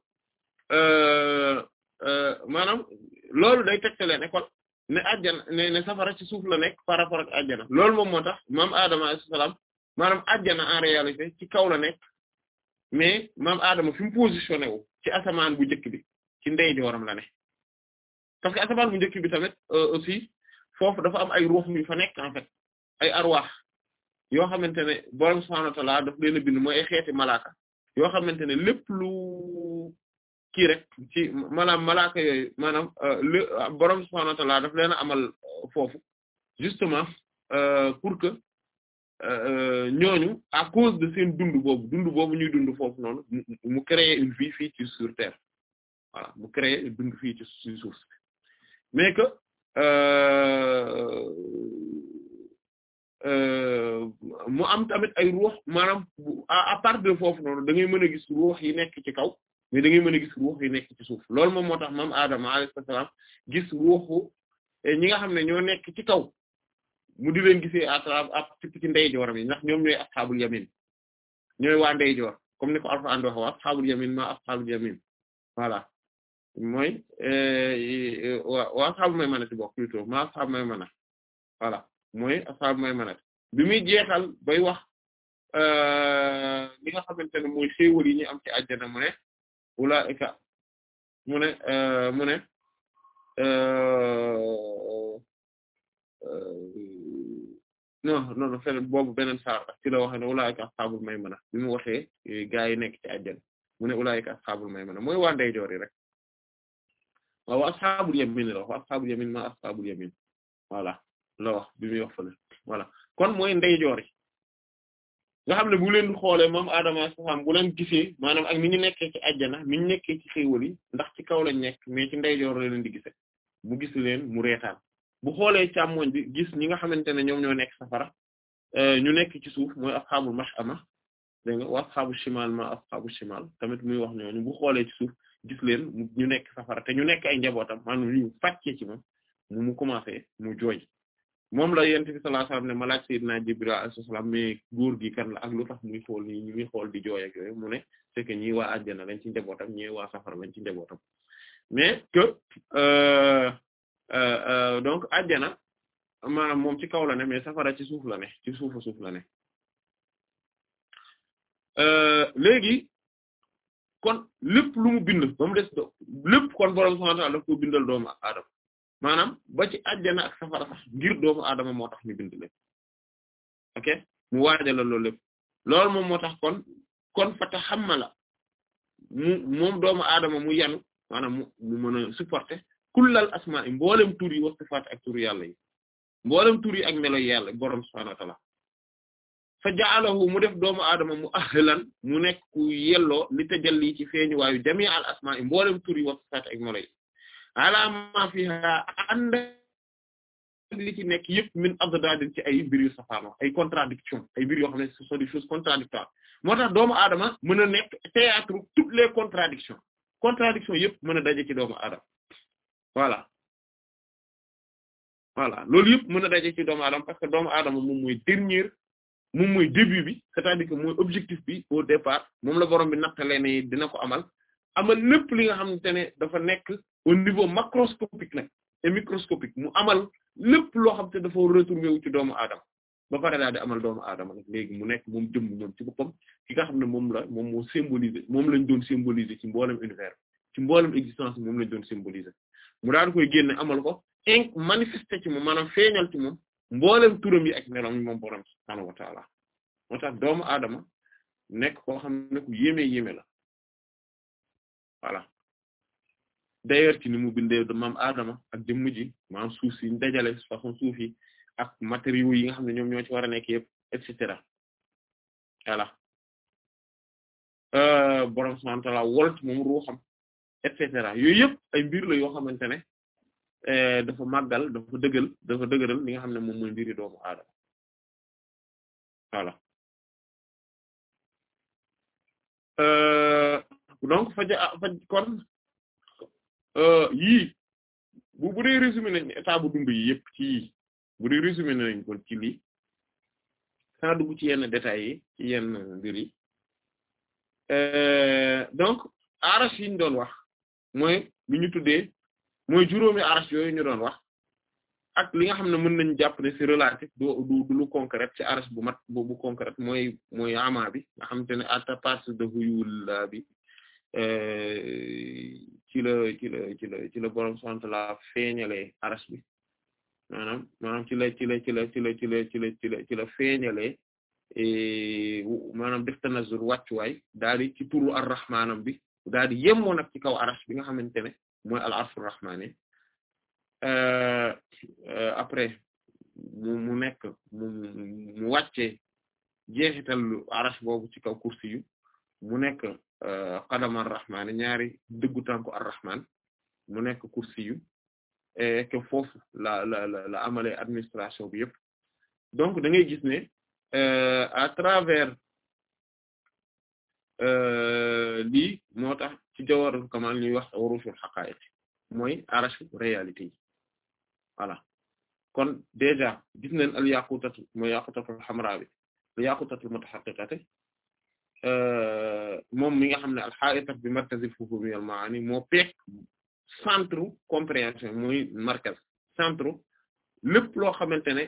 euh, euh, maanaam loolu day tegtaleen école ne ajjana ne ne safara ci suuf la nekk par rapport ak ajjana loolu moom moo tax maam Adama alayhi en réalité ci kaw la nekk mais maam Adama fi mu positionné wu ci asamaan bu njëkk bi ci ndey di waram la ne parce que asamaan bu njëkk bi tamit aussi foofu dafa am ay ruux yu fa nekk en fait ay arwaax yoo xamante ne borom subhaanahu wa daf leen a bind mooy ay xeeti malaaka yoo xamante ne lépp lu kii rek ci maanaam malaaka yooyu maanaam euh, lu euh, borom subhaanahu daf leen a amal euh, foofu justement pour que ñooñu à cause de seen dund boobu dund boobu ñuy dund foofu noonu mu créer une vie fii ci sur terre mu créer une dund fii ci suuf mais que Euh, mu am tamit ay ruux maanaam à part de foofu noonu da ngay mën a gis ruux yi nekk ci kaw mais da ngay mën a gis ruux yi nekk ci lool loolu moom moo tax maam Adama alayhi salaam gis ruuxu eh, ñi nga xam ne ñoo nekk ci kaw mu di leen gisee à travers ci ndeyjooram yi ndax ñoom ñooy asxaabul yamin ñooy waa ndeyjoor comme ni ko Alxuraan wax waa asxaabul yamin ma asxaabul yamin voilà mooy eh, waa asxaabul maymana ci bokk plutôt ma asxaabul maymana voilà. mooy ashaabu maymanat bi muy jeexal bay wax li nga xamante ne mooy xéewal yi ñu am ci àjjana mu ne ulaa'ika mu ne mu ne non non non feneen boobu beneen saar ci la waxee ne ulaa'ika ashaabul maymana bi mu waxee gaa yi nekk ci àjjana mu ne ulaa'ika ashaabul maymana mooy waa ndeyjoor yi la wax bi muy wax voilà kon mooy ndeyjoor yi nga xam ne bu leen xoolee moom Adama saxam bu gisee maanaam ak ni ñu nekkee ci àjjana ni ñu nekkee ci yi ndax ci kaw lañ nekk mais ci la di gisee mu gis leen mu reetaan bu xoolee càmmoñ bi gis ñi nga xamante ne ñoom ñoo nekk safara euh, ñu nekk ci suuf mooy asxaabul mash'ama dégg nga wa asxaabu shimal ma asxaabu shimal tamit muy wax ñooñu bu xoolee ci suuf gis leen ñu nekk safara te ñu nekk ay njabootam maanaam ñu fàccee ci moom mu mu commencé mu jooy moom la yonent bi sallallahu alayhi wasallam ne ma laaj Seydina Jibril alayhi salaam mais góor gi kan la ak lu tax muy xool xool di jooy ak yooyu mu ne c'est ñii waa àjjana lañ ci njabootam ñii waa safara lañ ci njabootam mais que euh, euh, euh, donc àjjana maanaam moom ci kaw la ne mais safara ci suuf la ne ci suufa suuf la ne léegi kon lépp lu bind ba mu des lépp kon borom subhanahu wa ta'ala daf ko bindal doomu aadama maanaam ba ci àjjana ak safara sax ngir doomu aadama moo tax ñu bind lépp ok mu waajala loolu lépp loolu moom moo tax kon kon fa taxamala mu moom doomu aadama mu yanu maanaam mu mu mën a supporter kullal asmaa yi mboolem tur yi wa sifaat ak tur yàlla yi mboolem tur yi ak melo yàlla boroom subhaanahu wa ta'aala mu def doomu aadama mu ahlan mu nekk ku yelloo li tajalli ci feeñu waayu jami al asmaa yi mboolem tur yi wa sifaat ak melo yi ala ma fiha ànd li ci nekk yëpp min addaadin ci ay mbir yu ay contradiction ay mbir yoo xam ne ce sont des choses contradictoires moo tax doomu aadama mën a nekk théâtre toutes les contradictions contradiction yëpp mën a daje ci doomu aadama voilà voilà loolu yëpp mën a daje ci doomu aadama parce que doomu adama moom muy dernier moom muy début bi c'est-à-dire objectif bi au départ moom la borom bi naqalee ne dina ko amal amal lépp li nga xam ne dafa nekk au niveau macroscopique nag et microscopique mu amal lépp loo xam te dafa retourné wu ci doomu aadama ba pare daal di amal doomu aadama léegi mu nekk moom jëmm moom ci boppam ki nga xam ne moom la moom moo symboliser moom lañ doon symboliser ci mboolem univers ci mboolem existence moom lañ doon symboliser mu daal koy génne amal ko in manifester ci moom maanaam feeñal ci moom mboolem turam yi ak meloom moom borom subhaanahu wa ta'ala doomu aadama nekk koo xam ne ku yéeme yéeme la voilà d'ailleurs ci ni mu bindee maam Adama ak jëm ji maam suuf si façon suuf yi ak matériaux yi nga xam ne ñoom ñoo ci war a nekk yëpp et cetera voilà euh, borom subhaanahu wa wolt moom ruuxam et cetera yooyu ay mbir la yoo xamante ne euh, dafa màggal dafa dëggal dafa dëgëral li nga xam ne moom moy mbiri doomu aadama voilà euh, donc faj faj kon euh, yii bu bu dee résumé nañ état bu dund yi yëpp ci bu dee résumé nañ kon ci lii sans dugg ci yenn détails yi ci yenn mbir yi euh, donc a yi ñu doon wax mooy lu ñu tuddee mooy juróomi aras yooyu ñu doon wax ak li nga xam ne mën nañ jàpp ne c'est relatif du du concret ci aras bu mat bu concret mooy mooy ama bi nga xam te ne à partir de huyul bi ci la ci la borom sant la feeñalee aras bi maanaam maanaam ci la ci la ci la ci la ci la ci la ci la ci la feeñalee maanaam wàccuwaay daal di ci turu ar-rahmaanam bi daal di yemoo ci kaw aras bi nga xamante ne mooy al-arshur rahmaani après mu mu nekk mu mu wàccee jeexital aras boobu ci kaw kursi mu nekk euh, qadama arrahmaan ñaari dëggu tànku arrahmaan mu nekk kursi yu et que foofu la la la la administration bi yëpp donc da ngay gis ne euh, à travers euh, lii moo tax ci jawarul kamal ñuy wax urushul haqa'iq mooy arashu réalité yi kon déjà gis nañ al yaqutatu mooy yaqutatul hamra bi al yaqutatul mutahaqqiqati Euh, moom mi nga xam ne alxaita bi markazil fuhumi al maani moo pek centre compréhension muy markaz centre lépp loo xamante ne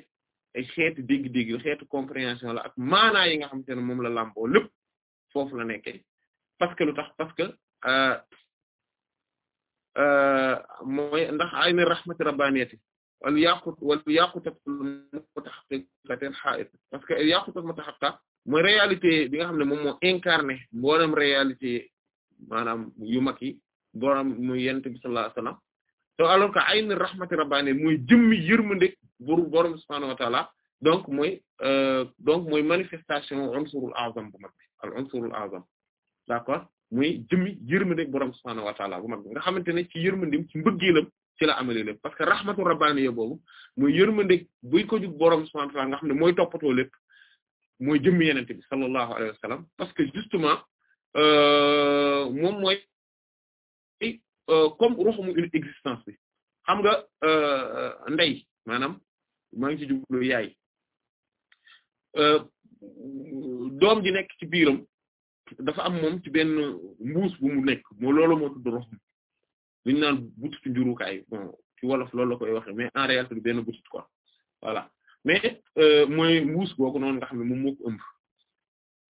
ay xeetu dégg-dégg compréhension la ak maanaa yi nga xamante ne moom la làmboo lépp foofu la nekkee parce que lu tax parce que euh, euh, ndax ayni rahmati rabbaniyati wal yaqut wal yaqutat mutahaqqaqatin ha'it parce que al yaqutat mutahaqqaq mooy réalité bi nga xam ne moom moo incarné mboolem réalité maanaam yu mag yi borom muy yent bi sallallahu alayhi wasallam te alors que ayni rahmati rabbani muy jëmmi yërmande bur borom subhaanahu wa donc mooy euh, donc mooy manifestation unsurul azam bu mag bi al unsurul azam d'accord muy jëmmi yërmande borom subhaanahu wa ta'ala bu mag bi nga xamante ne ci yërmandim ci mbëggeelam ci la amale lépp parce que rahmatu rabbani yo boobu muy yërmande buy ko jug borom subhaanahu wa ta'ala nga xam ne mooy toppatoo lépp mooy jëmmi yenent bi sallallahu alayhi parce que justement euh, moom mooy euh, comme ruux mu une existence bi xam nga euh, ndey maanaam maa ngi ci jublu yaay doom ji nekk ci biiram dafa am moom ci benn mbuus bu mu nekk moo loolu moo tudd ruux naan butitu njurukaay bon ci wolof loolu la koy waxe mais en réalité du benn butit quoi voilà mais euh, mooy mbuus googu noonu nga xam ne moom moo ko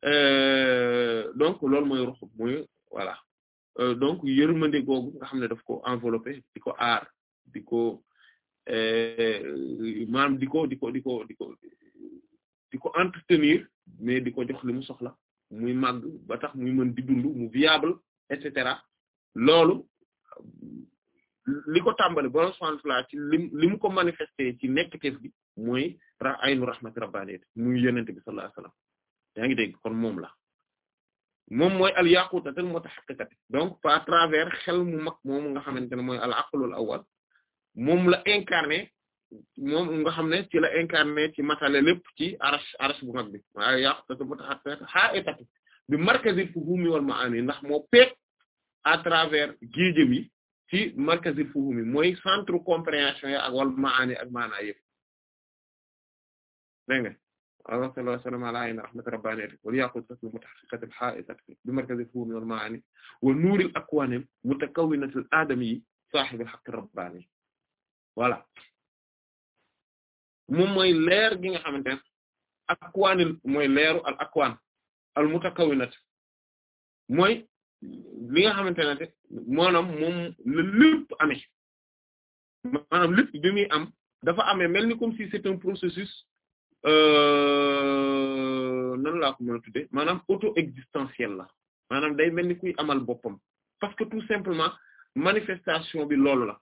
euh, donc loolu mooy ruxu voilà euh, donc yërmande googu nga xam ne daf ko enveloppé di ko aar di ko maanaam di ko di ko di ko ko di entretenir mais di ko jox li mu soxla muy màgg ba tax muy mën di dund mu viable et cetera loolu li ko tàmbali ba subhanahu wa lim li mu ko manifesté ci nekk bi mooy ra aynu rahmati rabbaniyat muy yenente bi sallallahu alayhi wasallam yaa ngi dégg kon moom la moom mooy al yaqutatul mutahaqqiqat donc à travers xel mu mag moom nga xamante ne mooy al aqlul awwal moom la incarné moom nga xam ne ci la incarné ci matale lépp ci arash bu mag bi al yaqutatul mutahaqqiqat ha'itatu bi ndax moo peeg à travers géejëm yi ci markazil fuhumi mooy centre compréhension yi ak wal ma'ani ak maana yëpp dégg nga allahumma salli wa sallim ala ayni rahmati rabbani wal yaqut tasmi mutahaqqat al ha'izat bi markaz al funun wal ma'ani wa nur al akwan mutakawwinat al adami sahib al haqq rabbani voilà moom mooy leer gi nga xamante moy akwaanil mooy leeru al akwaan al mutakawwinat mooy li nga xamante ne maanaam moom la lépp amee maanaam am dafa amee mel ni comme si c'est processus Euh, nan laa ko mën a tuddee maanaam auto existentiel la maanaam day mel ni kuy amal boppam parce que tout simplement manifestation bi loolu la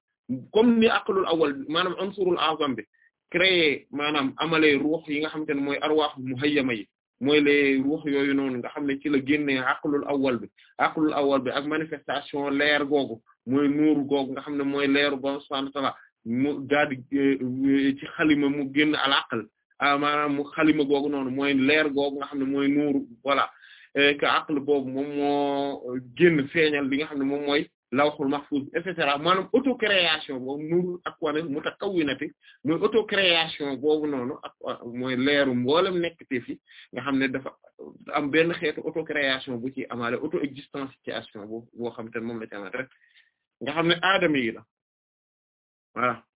comme ni aqlul awal maanaam ansurul azam bi créé maanaam amalee ruux yi nga xamante ne mooy arwaax muhayyama yi mooy le ruux yooyu noonu nga xam ne ci la génnee aqlul awal bi aqlul awal bi ak manifestation leer googu mooy nuuru googu nga xam ne mooy leeru bon subhanahu wa ta'ala mu daal di euh, euh, ci xalima mu génn al Ah, maanaam mu xalima googu noonu mooy leer googu nga xam ne mooy nuuru voilà que aql boobu moom moo génn feeñal li nga xam ne moom mooy lawhul mahfuz et cetera maanaam autocréation boobu nuurul akwan mutakawwinati mooy autocréation boobu noonu ak euh, mooy leeru mboolem nekkte fi nga xam ne dafa am benn xeetu autocréation bu ci amaale auto existenciation boo boo xam te moom la ci amaat rek nga xam ne aadama yi la voilà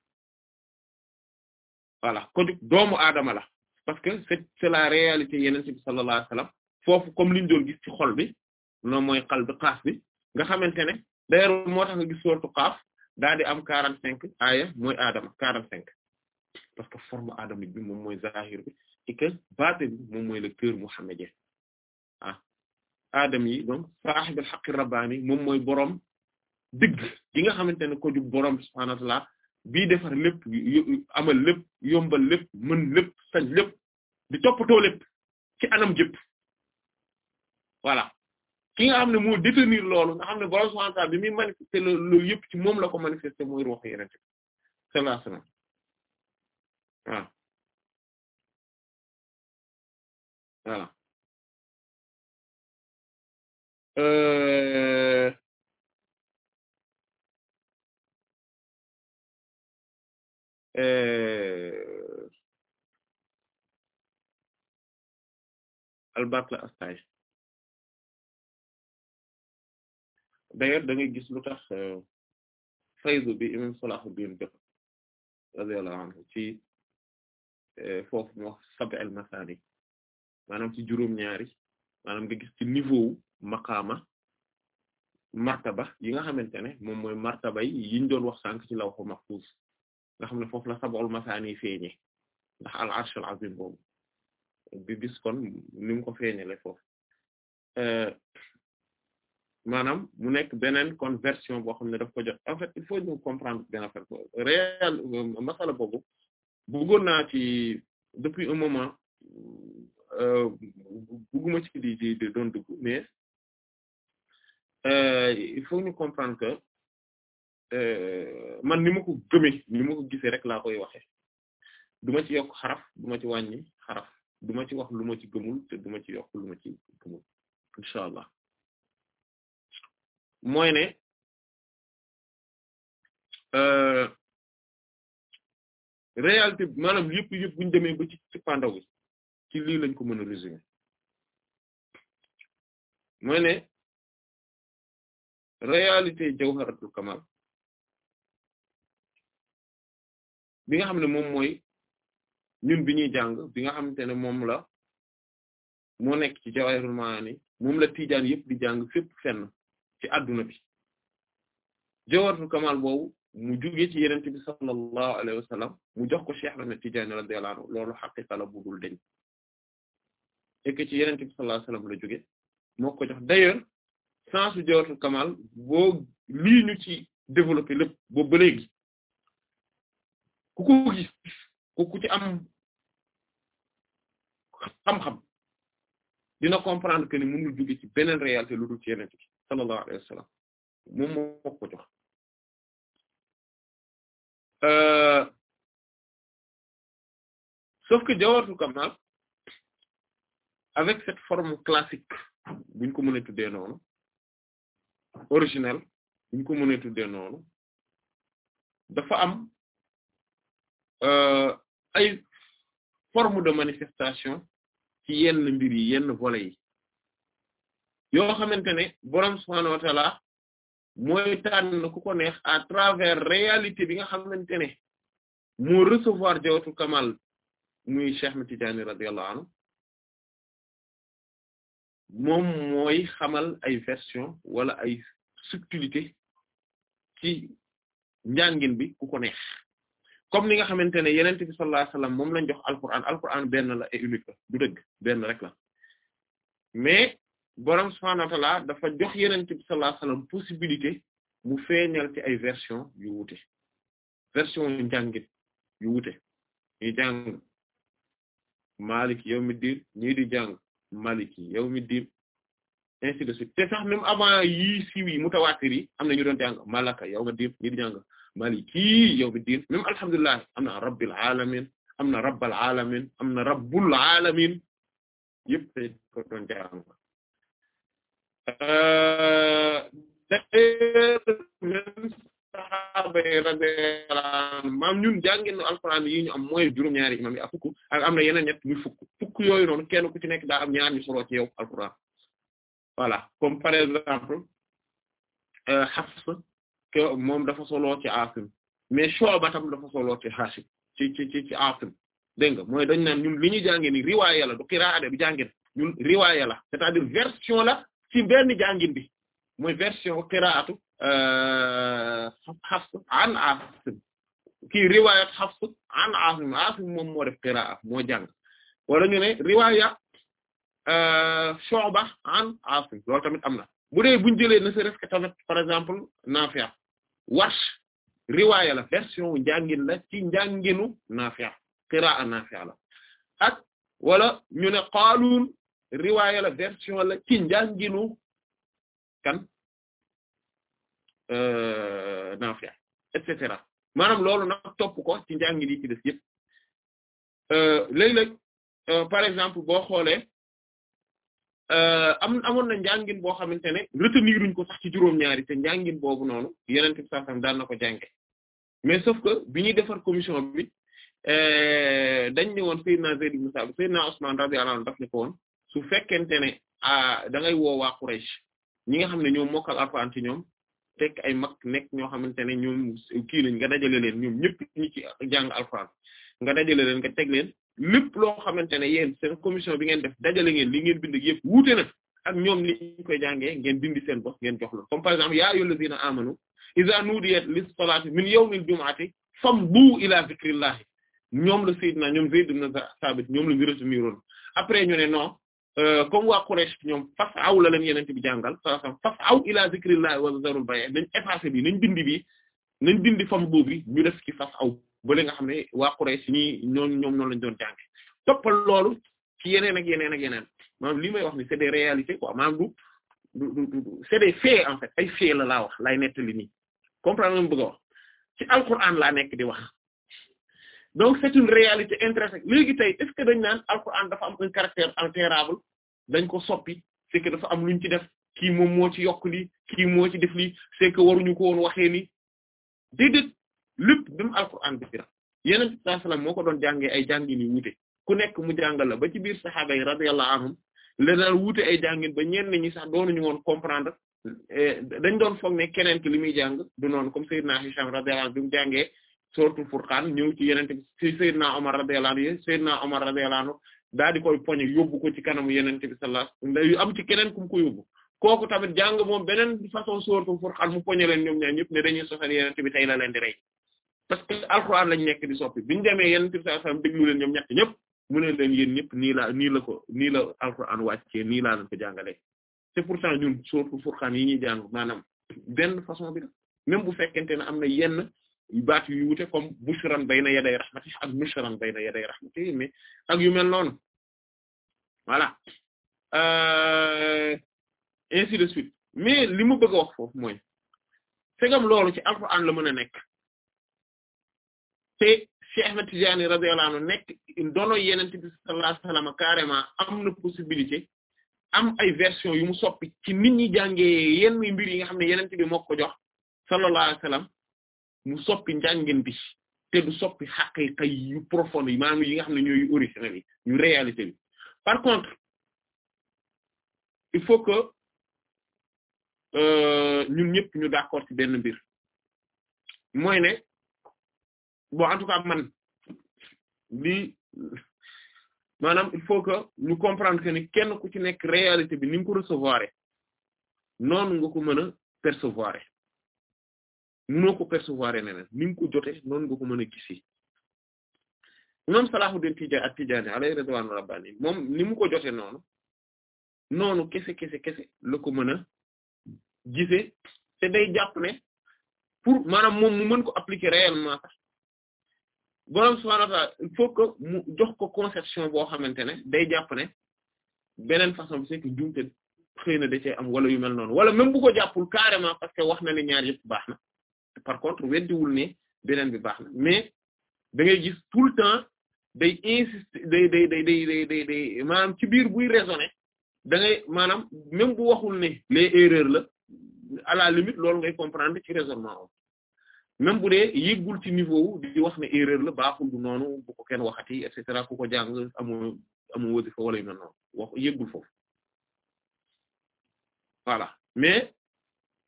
voilà kojug doomu aadama la parce que c'est la réalité yeneen bi sallallahu alayhi wasallam comme liñ doon gis ci xol bi noonu mooy xal bi bi nga xamante ne d'ailleurs moo tax nga gis sourate Qaaf daal am quarante cinq aaya mooy aadama quarante cinq parce que forme adamique bi moom mooy zahir bi et que baatin bi moom mooy le cœur mohammédien ah aadam yi donc sahibul haqqi moom mooy boroom dëgg gi nga xamante ne ko jug boroom subhaanahu bii defar lépp amal lépp yombal lépp mën lépp sañ lépp di toppatoo lépp ci anam jëpp voilà ki nga xam ne moo détenir loolu nga xam ne borom subhanahu bi muy manifester loolu yëpp ci moom la ko manifester mooy ruux yeneen ci sallallahu alayhi wasallam waaw voilà. Euh, Euh, albaq la astay d'ailleurs da ngay gis lu tax euh, faydu bi imam Salahuddin def radiyallahu anhu ci euh, foofu mu wax sab al masani maanaam ci juróom-ñaari maanaam nga gis ci niveau maqaama martaba yi nga xamante ne moom mooy martaba yi yiñ doon wax sànq ci lawhu mahfuz nga xam ne foofu la sab'ul masaani feeñe ndax al arshul azim kon ni mu ko feeñale foofu euh, maanaam mu nekk beneen kon version boo xam ne daf ko jot en fait il faut ñu comprendre benn affaire réel euh, masala boobu bëggoon naa depuis un moment euh, bëgguma ci di di mais il faut ñu comprendre que Euh, man ni ma ko gëmee ni ma ko gisee rek laa koy waxee du ma ci yokk xaraf du ma ci wàññi xaraf du ma ci wax lu ma ci gëmul te du ci yokk lu ma ci gëmul incha allah mooy ne euh, réalité bi maanaam lii lañ ko mën a résumer ne réalité jawharatul kamal bi nga xam ne moom mooy ñun bi ñuy jàng bi nga xam xamante ne moom la moo nekk ci Jawahirul Maani moom la tiijaan yëpp di jàng fépp fenn ci adduna bi Jawharatul Kamal boobu mu jugee ci yenente bi sallallahu alayhi mu jox ko Cheikh Ahmed Tidiane radiyallahu anhu loolu xaqiqa la budul deñ fekk ci yenen bi sallallahu alayhi la jóge moo ko jox d'ailleurs sensu Jawharatul Kamal boo lii ci développé lépp boobu ba léegi ku ko am xam-xam dina comprendre que ni mënul jóge ci beneen réalité lu dul ci yeneen bi sallallahu alayhi moom moo ko jox euh, sauf que jawharatul kamal avec cette forme classique buñ ko mën a tuddee noonu originelle buñ ko mën a tuddee noonu dafa am Euh, ay forme de manifestation ci yenn mbir yenn volets yi yoo xamante ne borom subhaanahu wa mooy tànn ku ko neex travers réalité bi nga xamante ne moo recevoir jawatu kamal muy Cheikh Ahmed Tidiane radiyallahu anhu moom mooy xamal ay version wala ay subtilité ci njàngin bi ku ko comme ni nga xamante ne yeneen bi sallallahu alayhi moom la jox alquran alquran benn la et unique la du dëgg benn rek la mais borom subhaanahu wa ta'ala dafa jox yeneen bi sallallahu alayhi possibilité mu feeñal ci ay version yu wuute version yu njàngit yu wuute ñuy Malik yawmiddin ñii di jàng Maliki yawmiddin ainsi de suite te am na ñu doon jàng Malaka yawmiddin jàng maliki yawmi diin même alhamdulilah am na rabbil alamin am rabbal alamin am na rabbul alamin yëpp tey ko doon jaaraan maam ñun jàngin yi am mooy juróom-ñaari imam yi ak am na yeneen ñett muy fukk fukk yooyu noonu kenn ku ci nekk daa am ñaar ñu solo yow alxuraan voilà comme par exemple euh, moom dafa soloo ci Asim mais Shu'ba tam dafa soloo ci Hashim dégg nga mooy dañ naan ñun li ñu jàngee ni riwaaya la du qira'a bi jàngeen ñun riwaaya la c'est-à-dire version la ci benn jàngin bi mooy version qira'atu euh, Hafs an Asim kii riwaayat Hafs an Asim Asim moom moo def qira'a moo jàng wala ñu ne riwaaya euh, Shu'ba an Asim loolu tamit am na bu dee buñ jëlee ne ce reste tamit par exemple Nafi' warsh riwaaya la version njàngin la ci njànginu Naafi' qiraa Naafi' la ak wala ñu ne Qaaluun riwaaya la version la ci njànginu kan euh, Naafi' et cetera maanaam loolu na topp ko ci njàngin ci def yëpp euh, léeg-léeg euh, par exemple boo xoolee Euh, am amoon na njàngin boo xamante ne reteniruñ ko sax ci juróom-ñaari te njàngin boobu noonu yeneen ci sax daan na ko jànge mais sauf que bi ñuy defar commission bi euh, dañ ne woon Seydina Zayd ibn Sabit Seydina Usman radiyallahu anhu daf ne ko woon su fekkente ne ah da ngay woo waa Quraysh ñi nga xam ne ñoom mokkal Alxuraan ci ñoom tekk ay mag nekk ñoo xamante ne ñoom kii lañ nga dajale leen ñoom ñëpp ñi ci jàng Alxuraan nga dajale leen nga teg leen. lépp loo xamante ne yéen seen commission bi ngeen def dajale ngeen li ngeen bind yëpp wuute na ñoom li ñu koy ngeen bindi seen bopp ngeen jox la comme par exemple yaa ayyuhal lazina amanu iza nudiya lis salati min yawmil jumu'ati fambu ila zikrillahi ñoom la Seydina ñoom Zayd ibn Sabit la ñu retenir après ñu ne non euh, comme waa ñoom fas aw la leen yenente bi jàngal sa fas aw ila zikrillahi wa zarul bay' nañ effacé bi nañ dindi bi nañ dindi fambu bi ñu def ci fas aw bële nga xam ne waa Quraysh nii ñoom ñoom noonu lañ doon jànge toppal loolu yeneen ak yeneen ak yeneen maanaam li may wax ni c'est des réalités quoi maanaam du du la laa wax lay nettali nii comprendre nga bëgg a wax ci alquran laa nekk di wax donc c'est une réalité intrinsèque léegi tey est-ce que dañ naan alquran dafa am un caractère altérable dañ ko soppi c'est dafa am luñ ci def kii moom moo ci yokk lii kii moo ci def lii c'est waruñu ko woon waxee ni déedéet lépp même alquran bi la yeneen sallallahu alayhi wasallam moo ko doon jàngee ay jàngin yu wuute ku nekk mu jàngal la ba ci biir saxaaba yi radiyallahu anhum la daal wuute ay jàngin ba ñenn ñi sax ñu woon comprendre eh, dañ doon foog ne keneen ki li muy jàng du noonu comme Seydina Hisham radiyallahu anhu bi mu jàngee suratul Furqaan ci yeneen ci Seydina Omar radiyallahu anhu Seydina Omar radiyallahu anhu daal di koy ci kanamu yeneen bi sallallahu am ci keneen ku mu ko yóbbu kooku tamit jàng moom beneen façon suratul Furqaan mu poñe leen ñoom ñaar ñëpp ne dañuy sosal yeneen bi tey la leen di rey parce que alxuraan lañ nekk di soppi biñu demee yenn tib saa sam déglu leen ñoom ñett ñëpp mu ne leen yéen ñëpp nii la nii la ko nii la alxuraan wàccee nii laa leen ko jàngalee c'est pourtant ñun surtout Furqaan yi ñuy jàng maanaam benn façon bi la même bu fekkente ne am na yenn baat yu wute comme bushran bayna yaday rahmati ak nushran bayna yaday rahmati mais ak yu mel noonu voilà euh, ainsi de suite mais li mu bëgg a wax foofu mooy segam loolu ci alxuraan la mën a nekk te Cheikh Ahmed Tidiane radiyallahu anhu nekk dono yeneen bi sallallahu alayhi wasallam am na possibilité am ay version yu mu soppi ci nit ñi jàngee yenn mbir yi nga xam ne yeneen bi moo ko jox sallallahu alayhi wasallam mu soppi njàngin bi te du soppi xaqiqa yu profonde yi maanaam yi nga xam ne ñooy yu original yi yu réalité bi par contre il faut que euh, ñun ñëpp ñu d'accord ci benn mbir mooy ne bo en tout cas man lii maanaam il faut que ñu comprendre que ni kenn ku ci nekk réalité bi ni nga ko recevoir noonu nga ko mën a percevoir mënoo ko percevoir neneen ni nga ko jotee noonu nga ko mën a gisi imam Salahuddin Tidjani ak Tidjani alayhi ridwanu rabbani moom ni mu ko jotee noonu noonu kese kese kese la ko mën a gisee te day jàpp ne pour maanaam moom mu mën ko appliquer réellement borom subhaanahu wa ta'aala mu jox ko conception boo xamante ne day jàpp ne beneen façon bi c'est que jumte xëy na da cee am wala yu mel noonu wala même bu ko jàppul carrément parce wax na ne ñaar yëpp baax na par contre weddiwul ne beneen bi baax na mais da ngay gis tout le temps day insister day day day day day day maanaam ci biir buy raisonner da ngay maanaam même bu waxul ne les erreurs la à la limite loolu ngay comprendre ci raisonnement même bu dee yëggul ci niveau wu di wax ne erreur la baaxul du noonu bu ko kenn waxati et cetera ku ko jàng amoo amoo wasifa wala yu noonu wax yëggul foofu voilà mais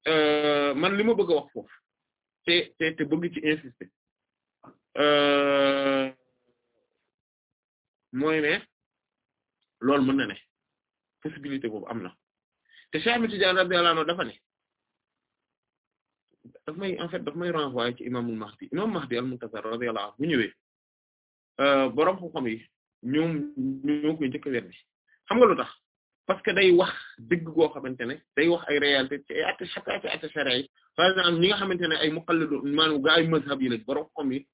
euh, man li ma bëgg a wax foofu te te te bëgg ci insister euh, mooy ne loolu mun na ne possibilité boobu am na te Cheikh Ahmed Tidiane radiyallahu anhu dafa ne daf may en fait daf may renvoyer ci imaamul Mahdi imaam Mahdi al-Muntazar radiyallahu anhu bu ñëwee euh, borom xam-xam yi ñoom ñoo koy njëkk a weddi xam nga lu tax parce que day wax dëgg goo xamante ne day wax ay réalité ci ay at ci at charia yi par exemple ñi nga xamante ne ay muqallidu maanaam gaa yu mazhab yi lañ borom xam yi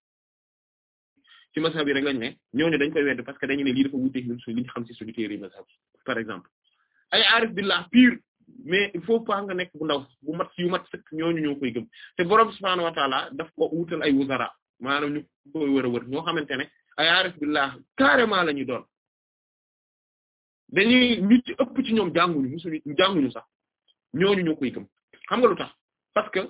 ci mazhab yi rek lañ ne ñooñu dañ koy weddi parce que dañu ne lii dafa wuuteeg ñun suñu li ñu xam ci suñu téere mazhab par exemple ay aarif billah pur mais il faut pas nga nekk bu ndaw bu mat yu mat sëkk ñooñu ñoo koy gëm te borom subhaanahu wa daf ko wutal ay wuzara maanaam ñu koy wër a wër ñoo xamante ne ay aarif billah carrément la ñu doon dañuy ñu ci ëpp ci ñoom jànguñu musuñu jànguñu sax ñooñu ñoo koy gëm xam nga lu tax parce que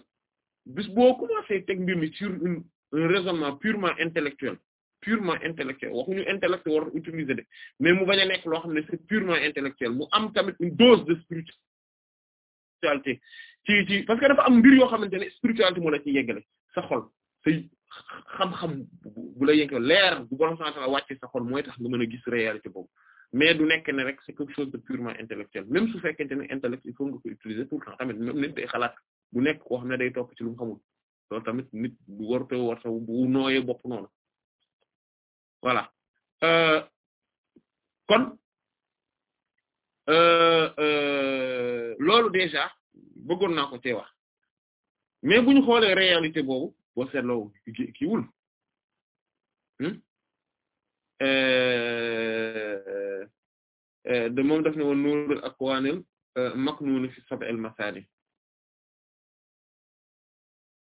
bis boo commencé teg mbir mi sur une un raisonnement purement intellectuel purement intellectuel waxuñu intellect war utiliser de mais mu bañ nekk loo xam ne c'est purement intellectuel mu am tamit une spiritualité ci ci parce que dafa am mbir yoo xamante ne spiritualité moo la ci yeggale sa xol xam-xam bu la yeggale leer bu borom sant la wàcce sa xol mooy tax nga mën a gis réalité boobu mais du nekk ne rek c'est quelque chose de purement intellectuel même su fekkente ne intellect il nga ko utiliser tout temps tamit même nit day xalaat bu nekk koo xam ne day topp ci lu mu tamit nit bu warute war sa bu nooyee bopp noonu voilà euh, kon Euh, euh, loolu déjà bëggoon naa ko cee wax mais bu ñu xoolee réalité boobu boo seetloo kii wul hmm? euh, de moom daf ne woon ak akwaanil maknuun fi sab'il masaani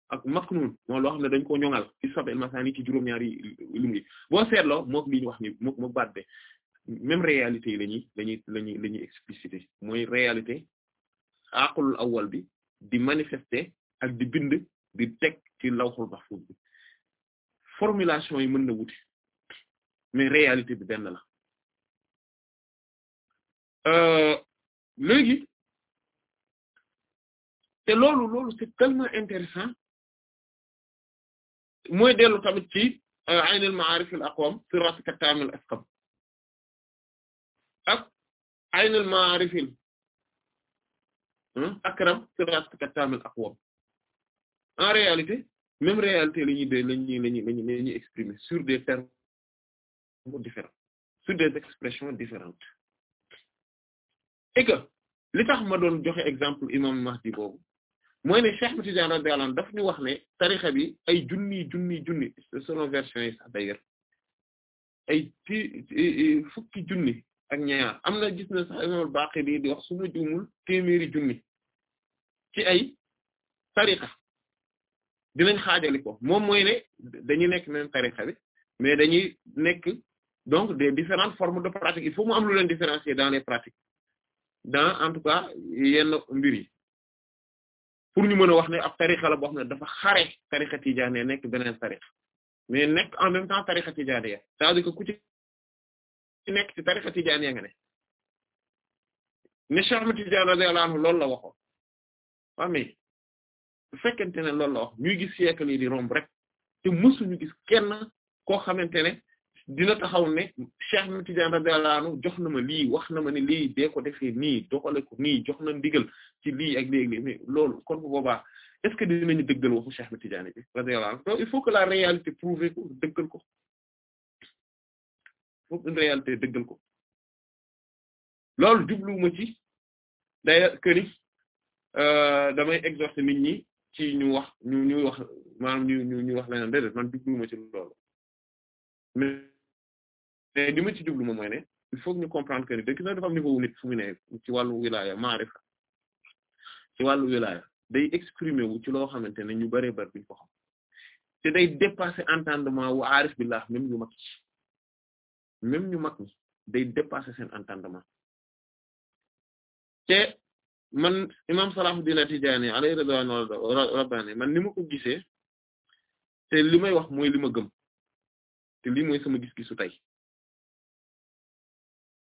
ak maknuun moom loo xam ne dañ ko ñoŋal fi sab'il masaani ci juróom-ñaari lim yi boo seetloo mook li wax ni mook mook baat be même réalité yi lañuy lañuy lañuy explicité mooy réalité aqlul awwal bi di manifester ak di bind di teg ci lawhul mahfuz bi formulation yi mën na wuti mais réalité bi benn la euh, léegi te loolu loolu c'est tellement intéressant mooy dellu tamit ci euh, aynul ma'arif al aqwam sirat katam al asqam ak aynul ma'arifin hmm, akram siratika tamil aqwam en réalité même réalité la ñuy de la ñuy sur des termes différents sur des expressions différentes et li tax ma doon joxe exemple imam Mahdi boobu mooy ne Cheikh Tidiane radiyallahu anhu daf ñu wax ne tarixa bi ay junni junni junni selon version yi sax d'ailleurs ay ci junni ak ñaar am na gis na sax imam al-Baqili di wax su ma juumul junni ci ay tariqa dinañ xaajali ko moom mooy ne dañuy nekk même tariqa bi mais dañuy nekk donc des différentes formes de pratique il faut mu am lu leen différencier dans les pratiques dans en tout cas yenn mbir yi pour ñu mën a wax ne ab tariqa la boo xam ne dafa xare tariqa tijaane nekk beneen tariqa mais nekk en même temps tariqa tijaane c'est-à-dire que ku nekk ci tariqa Tidiane yaa nga ne ne Cheikh Ahmed Tidiane radiyallahu anhu loolu la waxoon waa mais bu fekkente ne loolu la wax ñuy gis siècle yi di rek te mësuñu gis kenn koo xamante ne dina taxaw ne Cheikh Ahmed Tidiane radiyallahu anhu jox na ma lii wax na ma ne lii dee ko defee nii doxale ko nii jox na ndigal ci lii ak lii ak lii loolu kon bu boobaa est-ce que dinañu dëggal waxu Cheikh Ahmed Tidiane bi radiyallahu anhu donc il faut que la réalité prouve ko dëggal ko foofu une réalité dëggal ko loolu jubluwuma ci d'ailleurs que euh, damay exhorter nit ñi ci ñu wax ñu ñu wax maam ñu ñu ñu wax leneen déedéet man jubluwuma ci loolu mais li ma ci jublu moom mooy ne il ñu comprendre que ni dëgg na dafa am niveau nit fu mu ne ci wàllu wilaya maarifa ci wàllu wilaya day exprimer ci loo xamante ne ñu bëree bari buñ ko xam te day dépasser entendement wu aarif billah même yu mag ci même ñu mag ñi day dépasser seen entendement te man imam Salahuddin Tijaani alayhi ridwaanu rabbaani man ni ma ko gisee te li may wax mooy li ma gëm te lii mooy sama gis-gisu tey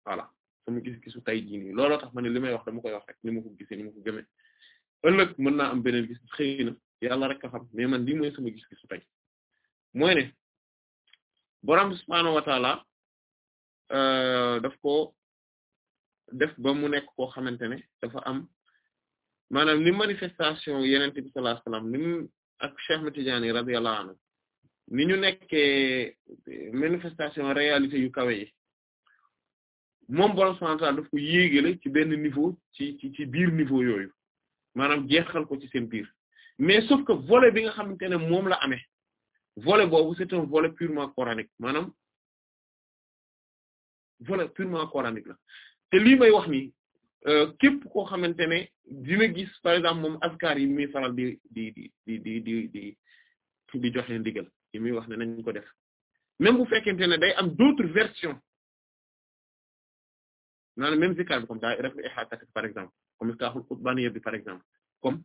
voilà sama gis-gisu tey jii nii looloo tax ma ne li may wax dama koy wax rek ni ma ko gisee ni ma ko gëmee ëllëg mën naa am beneen gis xëy na yàlla rek a xam mais man lii sama gis-gisu tey mooy ne borom subhaanahu Euh, def ko def ba mu nekk koo xamante ne dafa am maanaam ni manifestation yeneen bi sallallahu alayhi wasallam ni mu ak Cheikh Ahmed Tidiane radiyallahu anhu ni ñu nekkee manifestation réalité yu kawe yi moom borom central daf ko yéegale ci benn niveau ci ci ci biir niveau yooyu maanaam jeexal ko ci seen biir mais sauf que volet bi nga xamante ne moom la amee volet boobu c'est un volet purement coranique maanaam volet purement coranique la te lii may wax nii euh, képp koo xamante ne dina gis par exemple moom askar yi muy faral di di di di di di di joxe ndigal yi muy wax ne nañ ko def même bu fekkente ne day am d'autres versions maanaam même zikar bi comme daa ref iha takat par exemple comme iskaaxul qutbaniya bi par exemple comme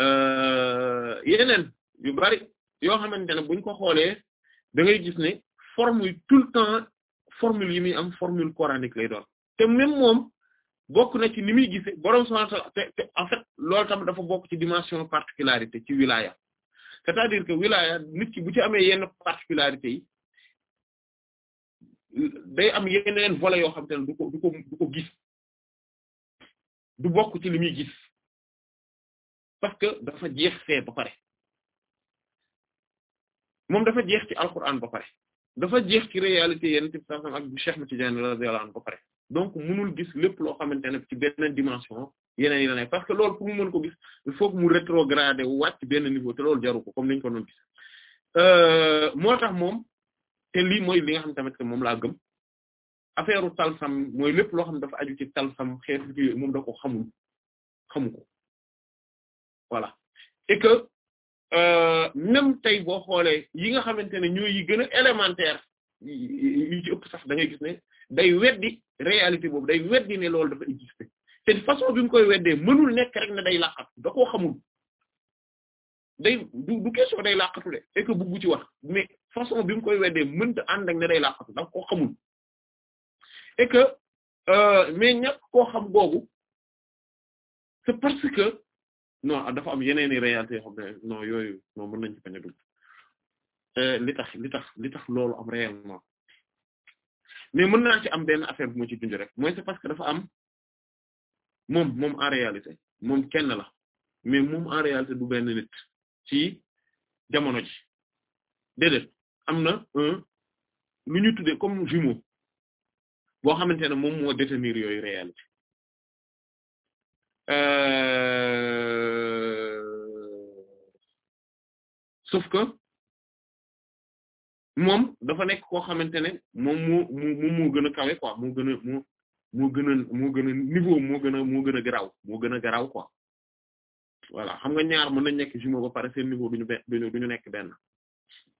euh, yeneen yu bari yoo xamante ne buñ ko xoolee da ngay gis ne forme yi tout le temps formule yi muy am formule coranique lay doon te même moom bokk na ci ni muy gisee borom subhaanahu wa ta'aala te en tam dafa bokk ci dimension particularité ci wilaya cest dire que wilaya nit ki bu ci amee yenn particularité yi day am yeneen volet yoo xam te du ko du ko gis du bokk ci li muy gis parce que dafa jeex fee ba pare moom dafa jeex ci alquran ba pare dafa jeex ci réalité yenn ci saa ak bu Cheikh Ahmed Tidiane radiyallahu anhu ba pare donc mënul gis lépp loo xamante ne ci benn dimension yeneen yi la nekk parce que lool pour mu mën ko gis il faut que mu rétrograder wàcc benn niveau te loolu jaru ko kom niñ ko gis euh, moo tax moom te lii mooy li nga xam tamit moom laa gëm affaire talsam mooy lépp loo xam dafa aju ci talsam xeetu moom da ko xamul xamu ko voilà et Euh, même tey boo xoolee yi nga xamante ne ñooy yi gën a élémentaire yu ci ëpp sax da ngay gis ne day weddi réalité boobu day weddi ne loolu dafa exister te façon bi mu koy weddee mënul nekk rek ne day làqatu da koo xamul day du du question day làqatu de et que bugg ci wax mais façon bi mu koy weddee mënta ànd ak ne day làqatu da koo xamul et que euh, mais ñàkk koo xam googu c'est parce que non dafa am yeneen i réalité yoo xam ne non yooyu non mën nañ ci bañ a dugg euh, li tax loolu am réellement mais mën naa ci am benn affaire bu ci junj rek mooy c'est parce que dafa am moom moom en réalité moom kenn la mais moom en réalité du benn nit ci jamono ji déedéet am na un lu ñu tuddee comme jumeau boo xamante ne moom moo détenir yooyu réalité Euh, sauf que moom dafa nekk koo xamante ne moom moo moo moo gën a kawe quoi moo gën a moo moo gën a moo gën a niveau moo gën a moo gën a garaaw moo gën a garaaw quoi voilà xam nga ñaar mën na nekk jumeau ba pare seen niveau duñu benn duñu nekk benn